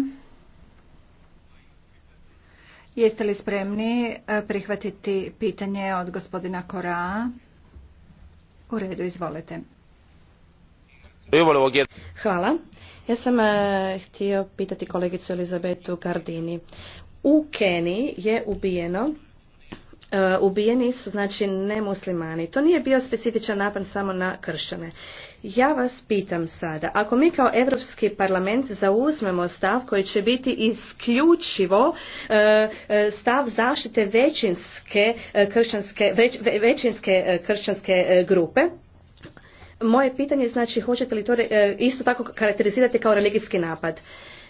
Jeste li spremni e, prihvatiti pitanje od gospodina Koraa? U redu, izvolite. Hvala. Ja sam e, htio pitati kolegicu Elizabetu Gardini. U Keniji je ubijeno e, ubijeni su znači nemuslimani. To nije bio specifičan napad samo na kršćane. Ja vas pitam sada, ako mi kao Europski parlament zauzmemo stav koji će biti isključivo e, e, stav zaštite većinske e, kršćanske, većinske kršćanske grupe, moje pitanje znači hoćete li to isto tako karakterizirati kao religijski napad?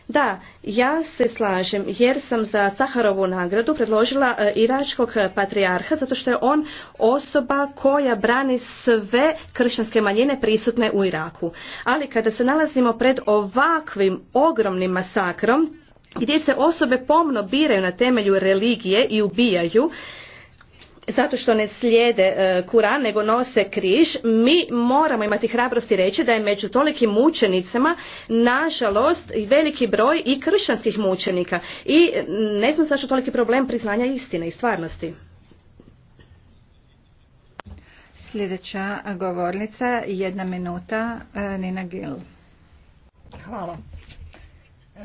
Da, ja se slažem jer sam za Saharovu nagradu predložila e, iračkog patrijarha zato što je on osoba koja brani sve kršćanske manjine prisutne u Iraku. Ali kada se nalazimo pred ovakvim ogromnim masakrom gdje se osobe pomno biraju na temelju religije i ubijaju, zato što ne slijede e, Kuran nego nose križ, mi moramo imati hrabrosti reći da je među tolikim mučenicama nažalost veliki broj i kršćanskih mučenika i ne znam zašto toliki problem priznanja istine i stvarnosti. Sljedeća govornica, jedna minuta, e, Nina Gil. Hvala. E,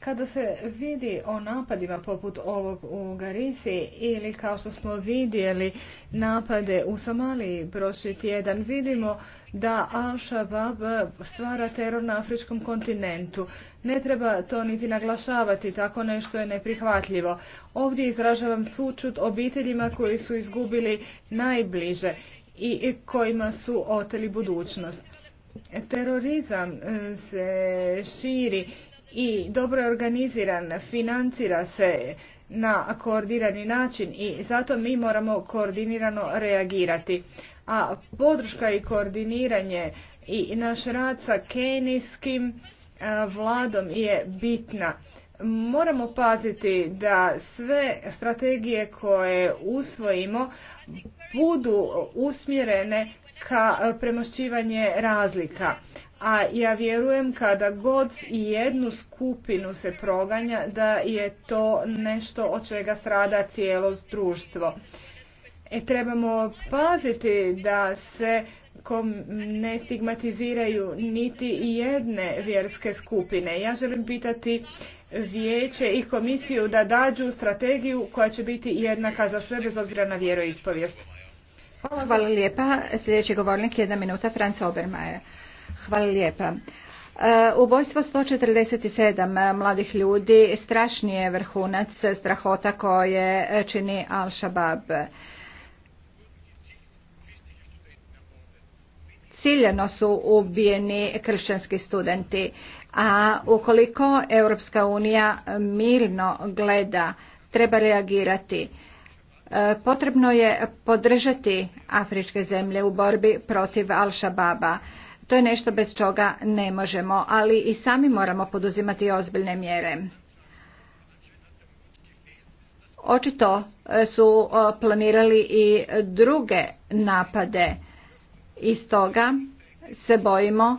kada se vidi o napadima poput ovog u Garisi ili kao što smo vidjeli napade u Somaliji prošli tjedan, vidimo da Al-Shabaab stvara teror na afričkom kontinentu. Ne treba to niti naglašavati, tako nešto je neprihvatljivo. Ovdje izražavam sučut obiteljima koji su izgubili najbliže i kojima su oteli budućnost. Terorizam e, se širi i dobro je organiziran, financira se na koordinirani način i zato mi moramo koordinirano reagirati. A podrška i koordiniranje i naš rad sa kenijskim vladom je bitna. Moramo paziti da sve strategije koje usvojimo budu usmjerene ka premošćivanje razlika a ja vjerujem kada god i jednu skupinu se proganja da je to nešto od čega strada cijelo društvo. E, trebamo paziti da se ne stigmatiziraju niti jedne vjerske skupine. Ja želim pitati vijeće i komisiju da dađu strategiju koja će biti jednaka za sve bez obzira na vjeroispovijest. Hvala, Hvala lijepa. Sljedeći govornik jedna minuta, Franca Obermajer. Hvala lijepa. E, ubojstvo 147 e, mladih ljudi strašni je vrhunac strahota koje e, čini Al-Shabaab. Ciljeno su ubijeni kršćanski studenti, a ukoliko Europska unija mirno gleda, treba reagirati. Potrebno je podržati afričke zemlje u borbi protiv Al-Shababa. To je nešto bez čoga ne možemo, ali i sami moramo poduzimati ozbiljne mjere. Očito e, su e, planirali i druge napade i stoga se bojimo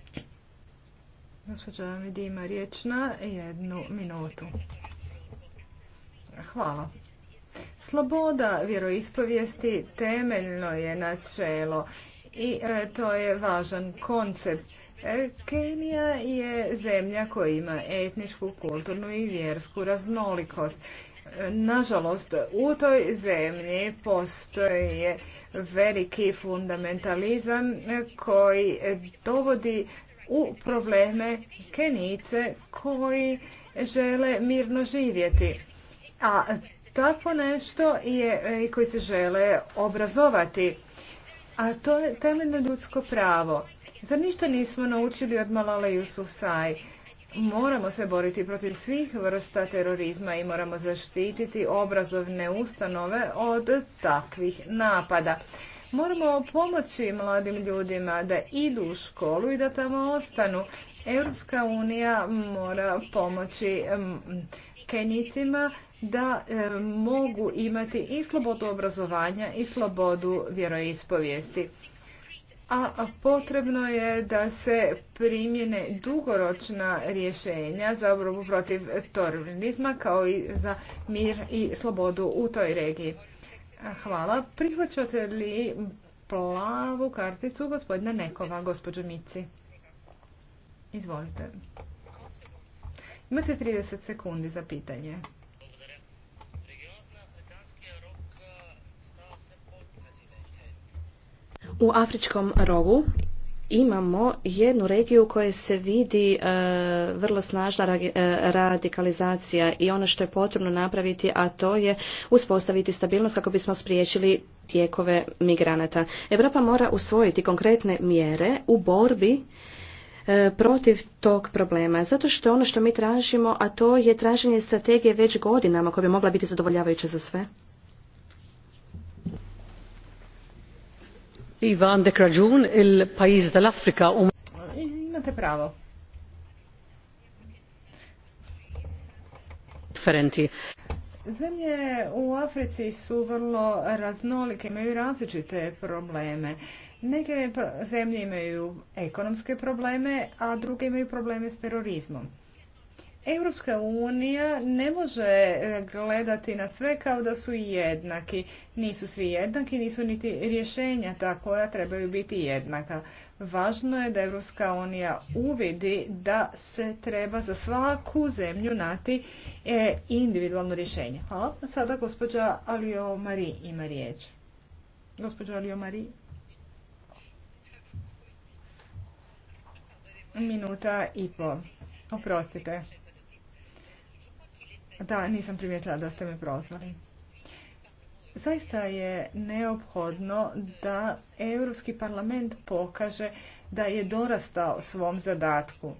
Gospođa Vidi riječ na jednu minutu. Hvala. Sloboda vjeroispovijesti temeljno je načelo i e, to je važan koncept. E, Kenija je zemlja koja ima etničku, kulturnu i vjersku raznolikost. E, nažalost, u toj zemlji postoji veliki fundamentalizam koji dovodi u probleme Kenice koji žele mirno živjeti. A tako nešto je i koji se žele obrazovati. A to je temeljno ljudsko pravo. Zar ništa nismo naučili od Malala susaj. Moramo se boriti protiv svih vrsta terorizma i moramo zaštititi obrazovne ustanove od takvih napada. Moramo pomoći mladim ljudima da idu u školu i da tamo ostanu. Europska unija mora pomoći kenicima da mogu imati i slobodu obrazovanja i slobodu vjeroispovijesti. A, potrebno je da se primjene dugoročna rješenja za obrobu protiv terorizma kao i za mir i slobodu u toj regiji. Hvala. Prihvaćate li plavu karticu gospodina Nekova, gospođo Mici? Izvolite. Imate 30 sekundi za pitanje. U afričkom rogu imamo jednu regiju u kojoj se vidi e, vrlo snažna e, radikalizacija i ono što je potrebno napraviti, a to je uspostaviti stabilnost kako bismo spriječili tijekove migranata. Europa mora usvojiti konkretne mjere u borbi e, protiv tog problema. Zato što ono što mi tražimo, a to je traženje strategije već godinama koja bi mogla biti zadovoljavajuća za sve. Um- imate pravo. Zemlje u Africi su vrlo raznolike, imaju različite probleme. Neke zemlje imaju ekonomske probleme, a druge imaju probleme s terorizmom. Europska unija ne može e, gledati na sve kao da su jednaki. Nisu svi jednaki, nisu niti rješenja ta koja trebaju biti jednaka. Važno je da Europska unija uvidi da se treba za svaku zemlju nati e, individualno rješenje. Hvala. Sada gospođa Alio Mari ima riječ. Gospođa Alio Mari. Minuta i po. Oprostite. Da, nisam primjetila da ste me prozvali. Zaista je neophodno da Europski parlament pokaže da je dorastao svom zadatku.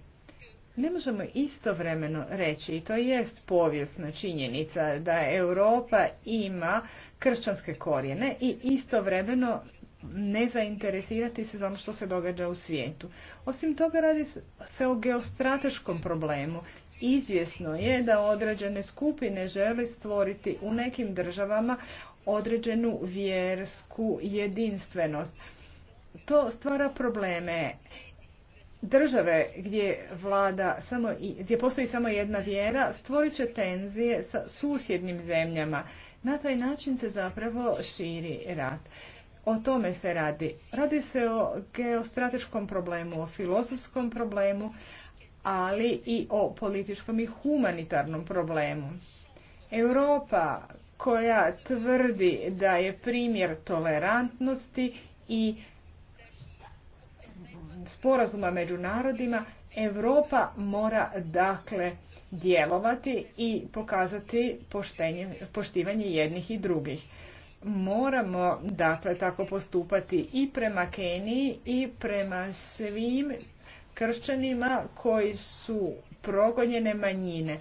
Ne možemo istovremeno reći, i to jest povijesna činjenica, da Europa ima kršćanske korijene i istovremeno ne zainteresirati se za ono što se događa u svijetu. Osim toga radi se o geostrateškom problemu Izvjesno je da određene skupine žele stvoriti u nekim državama određenu vjersku jedinstvenost. To stvara probleme. Države gdje, vlada samo, gdje postoji samo jedna vjera stvorit će tenzije sa susjednim zemljama. Na taj način se zapravo širi rat. O tome se radi. Radi se o geostrateškom problemu, o filozofskom problemu, ali i o političkom i humanitarnom problemu. Europa koja tvrdi da je primjer tolerantnosti i sporazuma među narodima, Europa mora dakle djelovati i pokazati poštivanje jednih i drugih. Moramo dakle tako postupati i prema Keniji i prema svim kršćanima koji su progonjene manjine.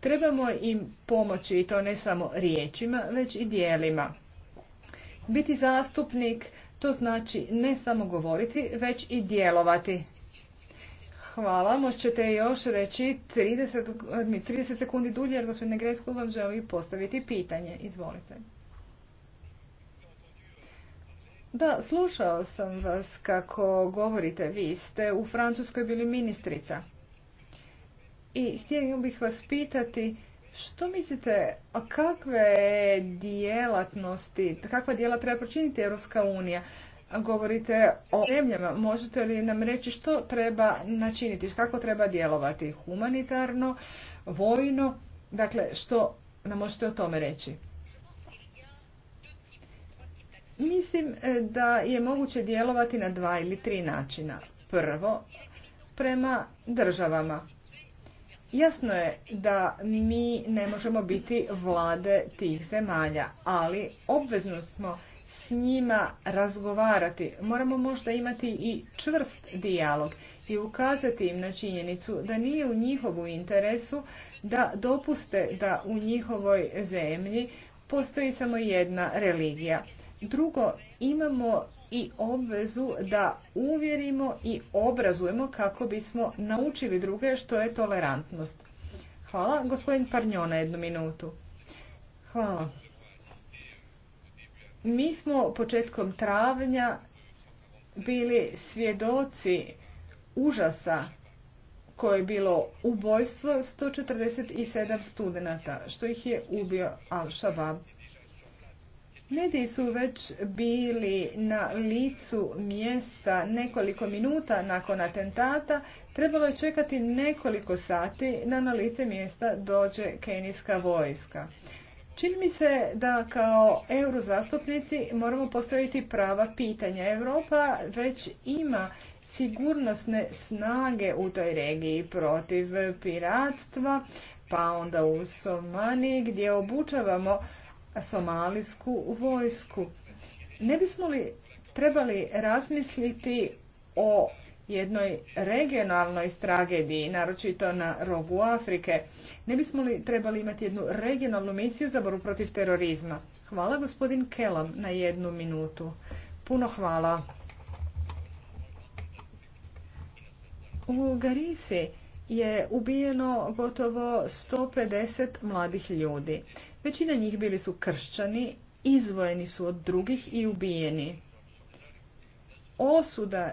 Trebamo im pomoći i to ne samo riječima, već i dijelima. Biti zastupnik to znači ne samo govoriti, već i djelovati. Hvala. Možete još reći 30, 30 sekundi dulje jer gospodine Gresko vam želi postaviti pitanje. Izvolite. Da, slušao sam vas kako govorite. Vi ste u Francuskoj bili ministrica. I htio bih vas pitati što mislite, a kakve djelatnosti, kakva djela treba počiniti Europska unija? Govorite o zemljama, možete li nam reći što treba načiniti, kako treba djelovati humanitarno, vojno, dakle što nam možete o tome reći? Mislim e, da je moguće djelovati na dva ili tri načina. Prvo, prema državama. Jasno je da mi ne možemo biti vlade tih zemalja, ali obvezno smo s njima razgovarati. Moramo možda imati i čvrst dijalog i ukazati im na činjenicu da nije u njihovu interesu da dopuste da u njihovoj zemlji postoji samo jedna religija. Drugo, imamo i obvezu da uvjerimo i obrazujemo kako bismo naučili druge što je tolerantnost. Hvala. Gospodin Parnjona, jednu minutu. Hvala. Mi smo početkom travnja bili svjedoci užasa koje je bilo ubojstvo 147 studenata, što ih je ubio Al-Shabaab. Mediji su već bili na licu mjesta nekoliko minuta nakon atentata. Trebalo je čekati nekoliko sati da na lice mjesta dođe kenijska vojska. Čini mi se da kao eurozastupnici moramo postaviti prava pitanja. Europa već ima sigurnosne snage u toj regiji protiv piratstva, pa onda u Somani gdje obučavamo somalijsku vojsku. Ne bismo li trebali razmisliti o jednoj regionalnoj tragediji, naročito na rogu Afrike. Ne bismo li trebali imati jednu regionalnu misiju za boru protiv terorizma? Hvala gospodin Kelam na jednu minutu. Puno hvala. U Garisi je ubijeno gotovo 150 mladih ljudi. Većina njih bili su kršćani, izvojeni su od drugih i ubijeni. Osuda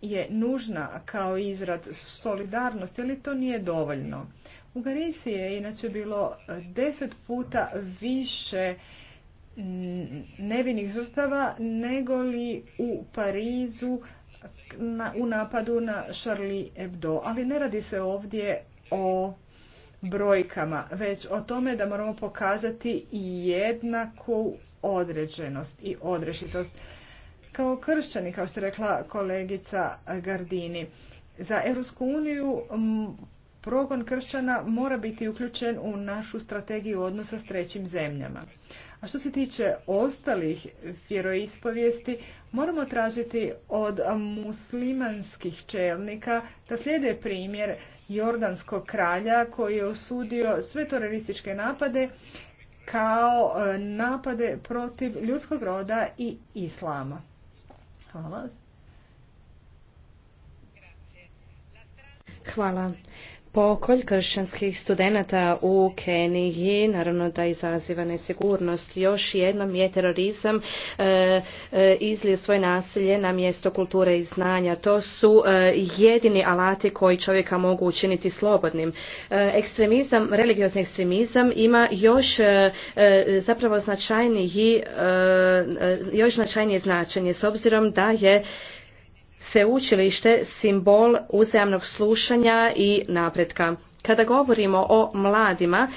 je nužna kao izraz solidarnosti, ali to nije dovoljno. U Garisiji je inače bilo deset puta više nevinih žrtava nego li u Parizu u napadu na Charlie Hebdo. Ali ne radi se ovdje o brojkama, već o tome da moramo pokazati jednaku određenost i odrešitost. Kao kršćani, kao što je rekla kolegica Gardini, za Europsku uniju progon kršćana mora biti uključen u našu strategiju odnosa s trećim zemljama. A što se tiče ostalih vjeroispovijesti, moramo tražiti od muslimanskih čelnika da slijede primjer jordanskog kralja koji je osudio sve terorističke napade kao e, napade protiv ljudskog roda i islama. Hvala. Hvala. Pokolj kršćanskih studenata u Keniji naravno da izaziva nesigurnost. Još jednom je terorizam e, e svoje nasilje na mjesto kulture i znanja. To su e, jedini alati koji čovjeka mogu učiniti slobodnim. E, ekstremizam, religiozni ekstremizam ima još zapravo značajniji, još značajnije značenje s obzirom da je sveučilište simbol uzajamnog slušanja i napretka. Kada govorimo o mladima,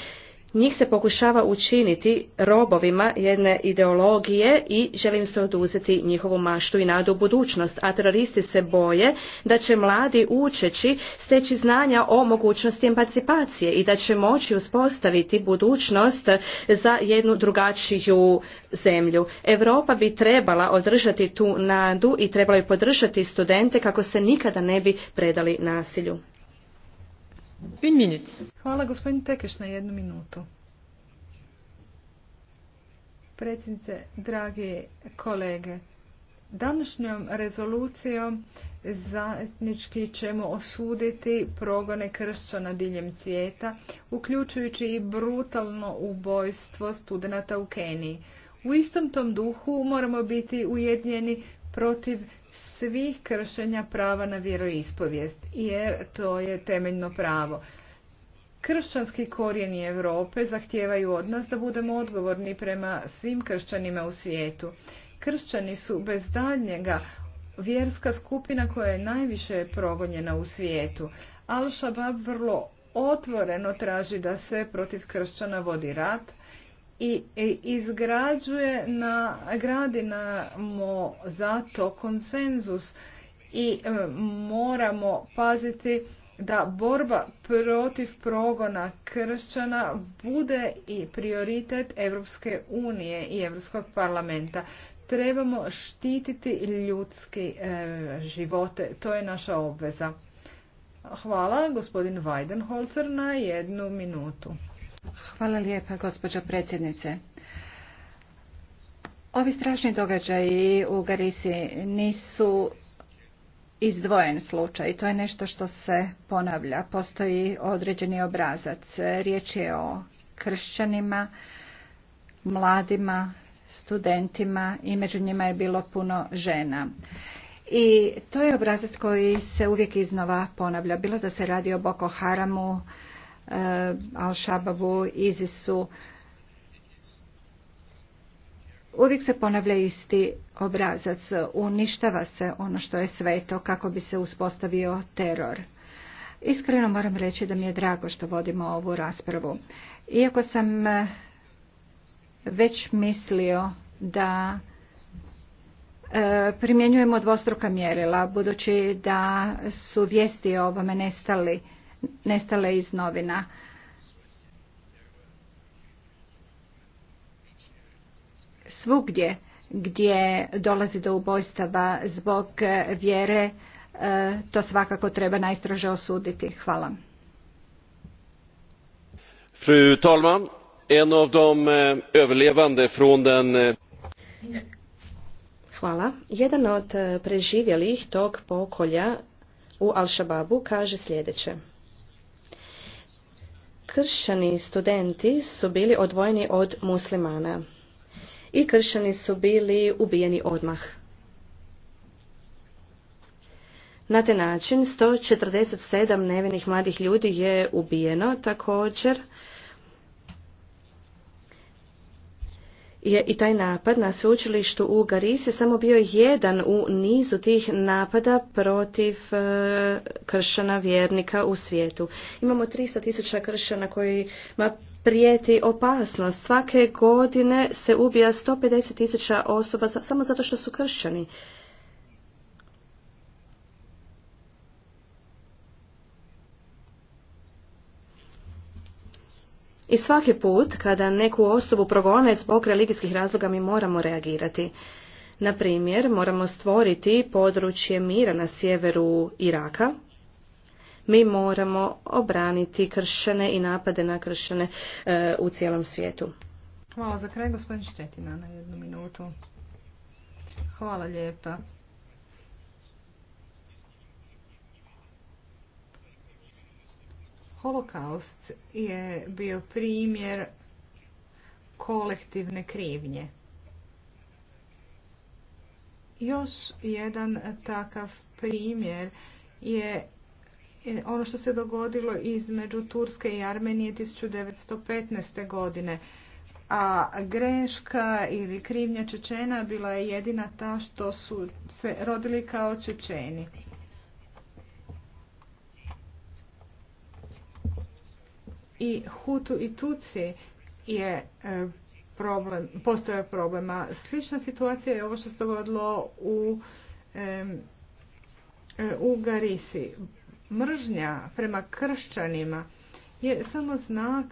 njih se pokušava učiniti robovima jedne ideologije i želim se oduzeti njihovu maštu i nadu u budućnost, a teroristi se boje da će mladi učeći steći znanja o mogućnosti emancipacije i da će moći uspostaviti budućnost za jednu drugačiju zemlju. Europa bi trebala održati tu nadu i trebala bi podržati studente kako se nikada ne bi predali nasilju. Hvala gospodin Tekeš na jednu minutu. Predsjednice, dragi kolege, današnjom rezolucijom zajednički ćemo osuditi progone kršćana diljem svijeta, uključujući i brutalno ubojstvo studenata u Keniji. U istom tom duhu moramo biti ujednjeni protiv svih kršenja prava na vjeroispovijest, jer to je temeljno pravo. Kršćanski korijeni Europe zahtijevaju od nas da budemo odgovorni prema svim kršćanima u svijetu. Kršćani su bez daljnjega vjerska skupina koja je najviše progonjena u svijetu. Al-Shabaab vrlo otvoreno traži da se protiv kršćana vodi rat, i e, izgrađuje na, gradi za to zato konsenzus i e, moramo paziti da borba protiv progona kršćana bude i prioritet Europske unije i Europskog parlamenta. Trebamo štititi ljudski e, živote, to je naša obveza. Hvala, gospodin Weidenholzer, na jednu minutu. Hvala lijepa, gospođo predsjednice. Ovi strašni događaji u Garisi nisu izdvojen slučaj. To je nešto što se ponavlja. Postoji određeni obrazac. Riječ je o kršćanima, mladima, studentima i među njima je bilo puno žena. I to je obrazac koji se uvijek iznova ponavlja. Bilo da se radi o Boko Haramu, Eh, Al-Shababu, Izisu. Uvijek se ponavlja isti obrazac. Uništava se ono što je sveto kako bi se uspostavio teror. Iskreno moram reći da mi je drago što vodimo ovu raspravu. Iako sam eh, već mislio da eh, primjenjujemo dvostruka mjerila, budući da su vijesti o ovome nestali nestale iz novina. Svugdje gdje dolazi do ubojstava zbog vjere, e, to svakako treba najstraže osuditi. Hvala. Fru talman, en e, överlevande från den e, Hvala. Jedan od preživjelih tog pokolja u al kaže sljedeće kršćani studenti su bili odvojeni od muslimana i kršćani su bili ubijeni odmah. Na taj način 147 nevinih mladih ljudi je ubijeno, također je i taj napad na sveučilištu u Garisi samo bio jedan u nizu tih napada protiv e, vjernika u svijetu. Imamo 300 tisuća kršćana koji ma prijeti opasnost. Svake godine se ubija 150 tisuća osoba samo zato što su kršćani. I svaki put kada neku osobu progone zbog religijskih razloga mi moramo reagirati. Na primjer, moramo stvoriti područje mira na sjeveru Iraka. Mi moramo obraniti kršene i napade na kršene e, u cijelom svijetu. Hvala za kraj, gospodin Štetina, na jednu minutu. Hvala lijepa. Holokaust je bio primjer kolektivne krivnje. Još jedan takav primjer je ono što se dogodilo između Turske i Armenije 1915. godine. A greška ili krivnja Čečena bila je jedina ta što su se rodili kao Čečeni. i Hutu i Tuci je e, problem, postoje problema. Slična situacija je ovo što se dogodilo u, e, e, u Garisi. Mržnja prema kršćanima je samo znak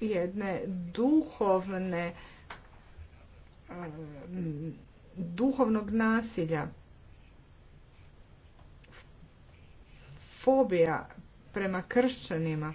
jedne duhovne duhovnog nasilja fobija prema kršćanima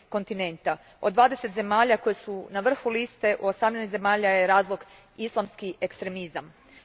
kontinenta. od dvadeset zemalja koje su na vrhu liste u osamnaest zemalja je razlog islamski ekstremizam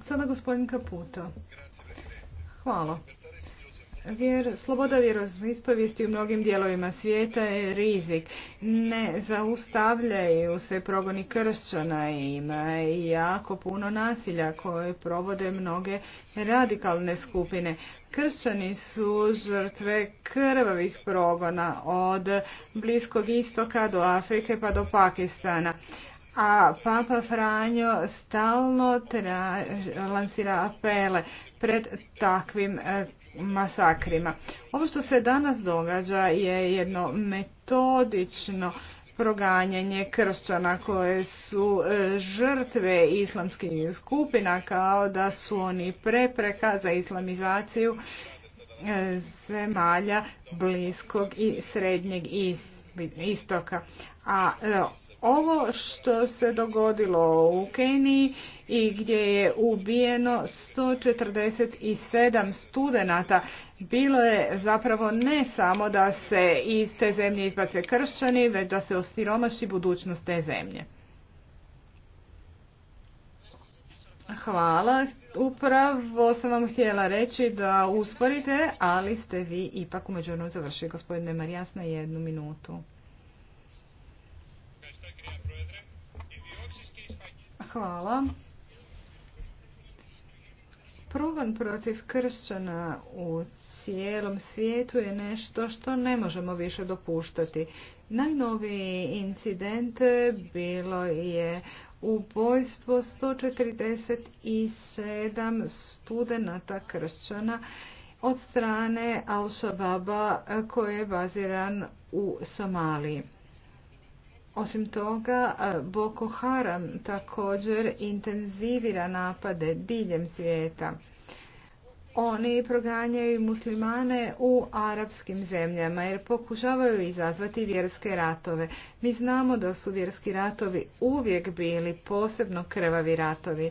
Sada gospodin Kaputo. Hvala. Vjer, sloboda vjerozispovijesti u mnogim dijelovima svijeta je rizik. Ne zaustavljaju se progoni kršćana, ima jako puno nasilja koje provode mnoge radikalne skupine. Kršćani su žrtve krvavih progona od Bliskog istoka do Afrike pa do Pakistana a Papa Franjo stalno lansira apele pred takvim e, masakrima. Ovo što se danas događa je jedno metodično proganjanje kršćana koje su e, žrtve islamskih skupina kao da su oni prepreka za islamizaciju e, zemalja bliskog i srednjeg istoka. A ovo što se dogodilo u Keniji i gdje je ubijeno 147 studenata bilo je zapravo ne samo da se iz te zemlje izbace kršćani, već da se osiromaši budućnost te zemlje. Hvala. Upravo sam vam htjela reći da usporite, ali ste vi ipak međuvremenu završili gospodine Marijas na jednu minutu. Hvala. Progon protiv kršćana u cijelom svijetu je nešto što ne možemo više dopuštati. Najnoviji incident bilo je ubojstvo 147 studenata kršćana od strane Al-Shababa koji je baziran u Somaliji. Osim toga, Boko Haram također intenzivira napade diljem svijeta. Oni proganjaju muslimane u arapskim zemljama jer pokušavaju izazvati vjerske ratove. Mi znamo da su vjerski ratovi uvijek bili posebno krvavi ratovi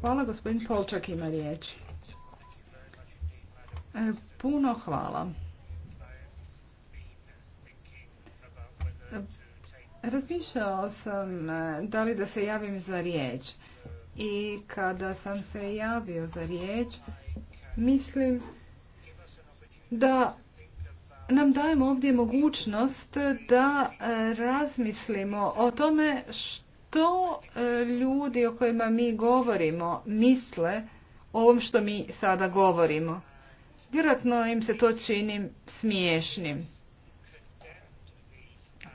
Hvala, gospodin Polčak ima riječ. E, puno hvala. razmišljao sam e, da li da se javim za riječ. I kada sam se javio za riječ, mislim da nam dajemo ovdje mogućnost da e, razmislimo o tome što e, ljudi o kojima mi govorimo misle o ovom što mi sada govorimo. Vjerojatno im se to čini smiješnim.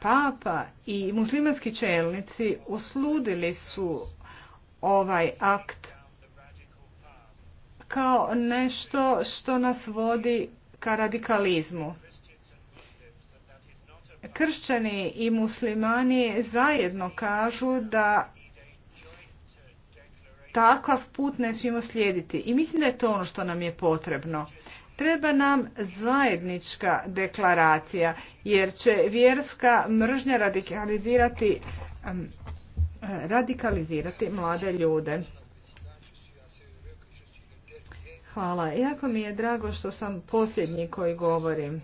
Papa i muslimanski čelnici usludili su ovaj akt kao nešto što nas vodi ka radikalizmu kršćani i muslimani zajedno kažu da takav put ne smijemo slijediti. I mislim da je to ono što nam je potrebno. Treba nam zajednička deklaracija, jer će vjerska mržnja radikalizirati, radikalizirati mlade ljude. Hvala. Jako mi je drago što sam posljednji koji govorim.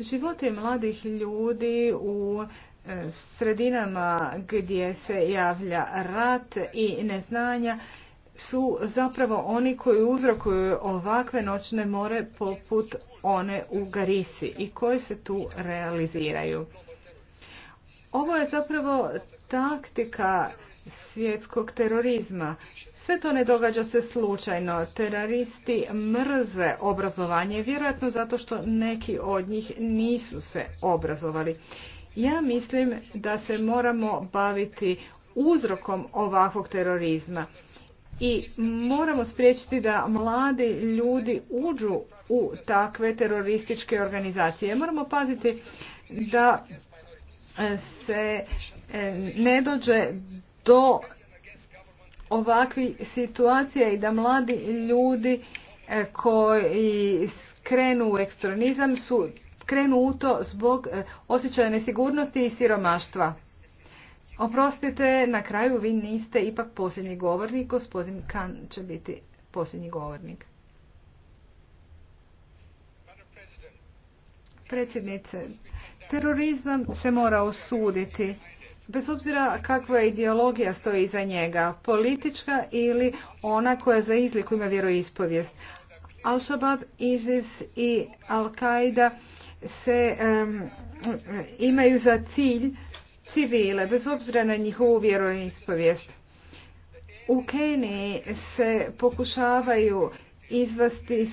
Živote mladih ljudi u e, sredinama gdje se javlja rat i neznanja su zapravo oni koji uzrokuju ovakve noćne more poput one u Garisi i koje se tu realiziraju. Ovo je zapravo taktika svjetskog terorizma sve to ne događa se slučajno. Teroristi mrze obrazovanje, vjerojatno zato što neki od njih nisu se obrazovali. Ja mislim da se moramo baviti uzrokom ovakvog terorizma i moramo spriječiti da mladi ljudi uđu u takve terorističke organizacije. Moramo paziti da se e, ne dođe do ovakvih situacija i da mladi ljudi e, koji krenu u ekstronizam su krenu u to zbog e, osjećaja nesigurnosti i siromaštva. Oprostite, na kraju vi niste ipak posljednji govornik, gospodin Kan će biti posljednji govornik. Predsjednice, terorizam se mora osuditi bez obzira kakva ideologija stoji iza njega, politička ili ona koja za izliku ima vjeroispovijest. Al-Shabaab, ISIS i Al-Qaida se imaju za cilj civile, bez obzira na njihovu vjeroispovijest. U Keniji se pokušavaju izvasti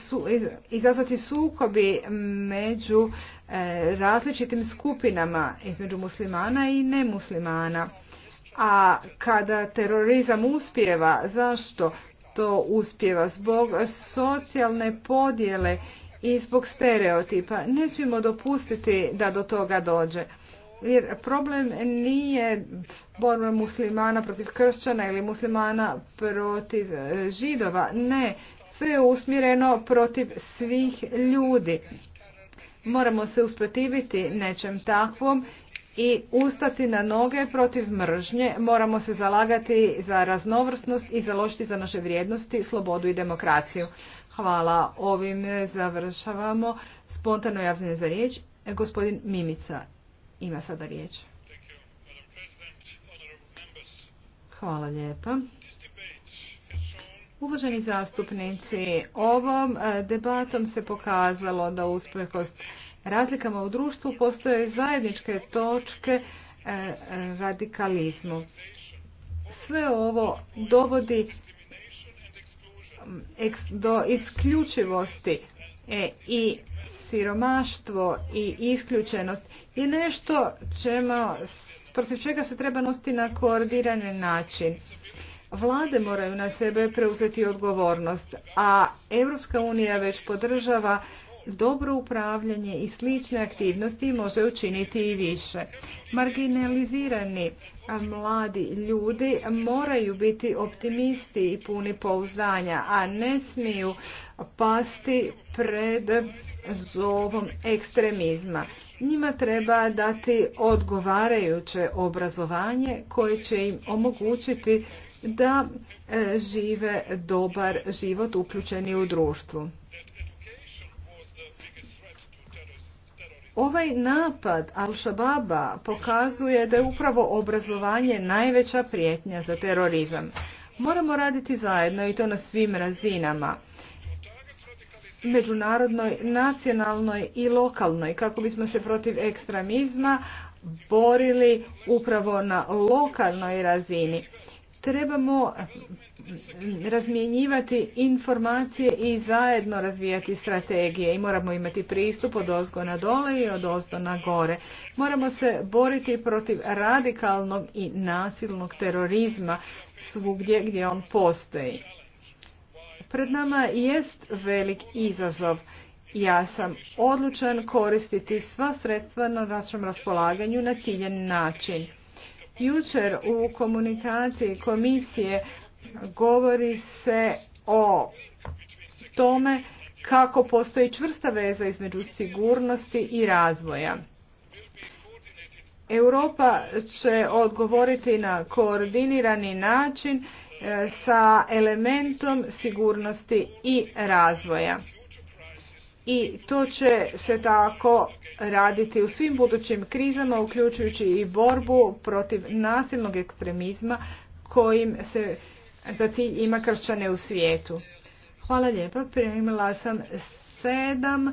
izazvati sukobi među e, različitim skupinama između muslimana i nemuslimana. A kada terorizam uspijeva, zašto to uspijeva? Zbog socijalne podjele i zbog stereotipa. Ne smijemo dopustiti da do toga dođe. Jer problem nije borba muslimana protiv kršćana ili muslimana protiv e, židova. Ne, sve je usmjereno protiv svih ljudi. Moramo se usprotiviti nečem takvom i ustati na noge protiv mržnje. Moramo se zalagati za raznovrsnost i založiti za naše vrijednosti, slobodu i demokraciju. Hvala. Ovim završavamo. Spontano javljanje za riječ. Gospodin Mimica ima sada riječ. Hvala lijepa. Uvaženi zastupnici, ovom e, debatom se pokazalo da usprkos razlikama u društvu postoje zajedničke točke e, radikalizmu. Sve ovo dovodi do isključivosti e, i siromaštvo i isključenost i nešto čemu, protiv čega se treba nositi na koordinirani način. Vlade moraju na sebe preuzeti odgovornost, a Europska unija već podržava dobro upravljanje i slične aktivnosti može učiniti i više. Marginalizirani mladi ljudi moraju biti optimisti i puni pouzdanja, a ne smiju pasti pred zovom ekstremizma. Njima treba dati odgovarajuće obrazovanje koje će im omogućiti da e, žive dobar život uključeni u društvu. Ovaj napad Al-Shababa pokazuje da je upravo obrazovanje najveća prijetnja za terorizam. Moramo raditi zajedno i to na svim razinama međunarodnoj, nacionalnoj i lokalnoj kako bismo se protiv ekstremizma borili upravo na lokalnoj razini trebamo razmjenjivati informacije i zajedno razvijati strategije i moramo imati pristup od ozgo na dole i od ozdo na gore. Moramo se boriti protiv radikalnog i nasilnog terorizma svugdje gdje on postoji. Pred nama jest velik izazov. Ja sam odlučan koristiti sva sredstva na našem raspolaganju na ciljen način. Jučer u komunikaciji komisije govori se o tome kako postoji čvrsta veza između sigurnosti i razvoja. Europa će odgovoriti na koordinirani način e, sa elementom sigurnosti i razvoja. I to će se tako raditi u svim budućim krizama, uključujući i borbu protiv nasilnog ekstremizma kojim se za cilj ima kršćane u svijetu. Hvala lijepa, primila sam sedam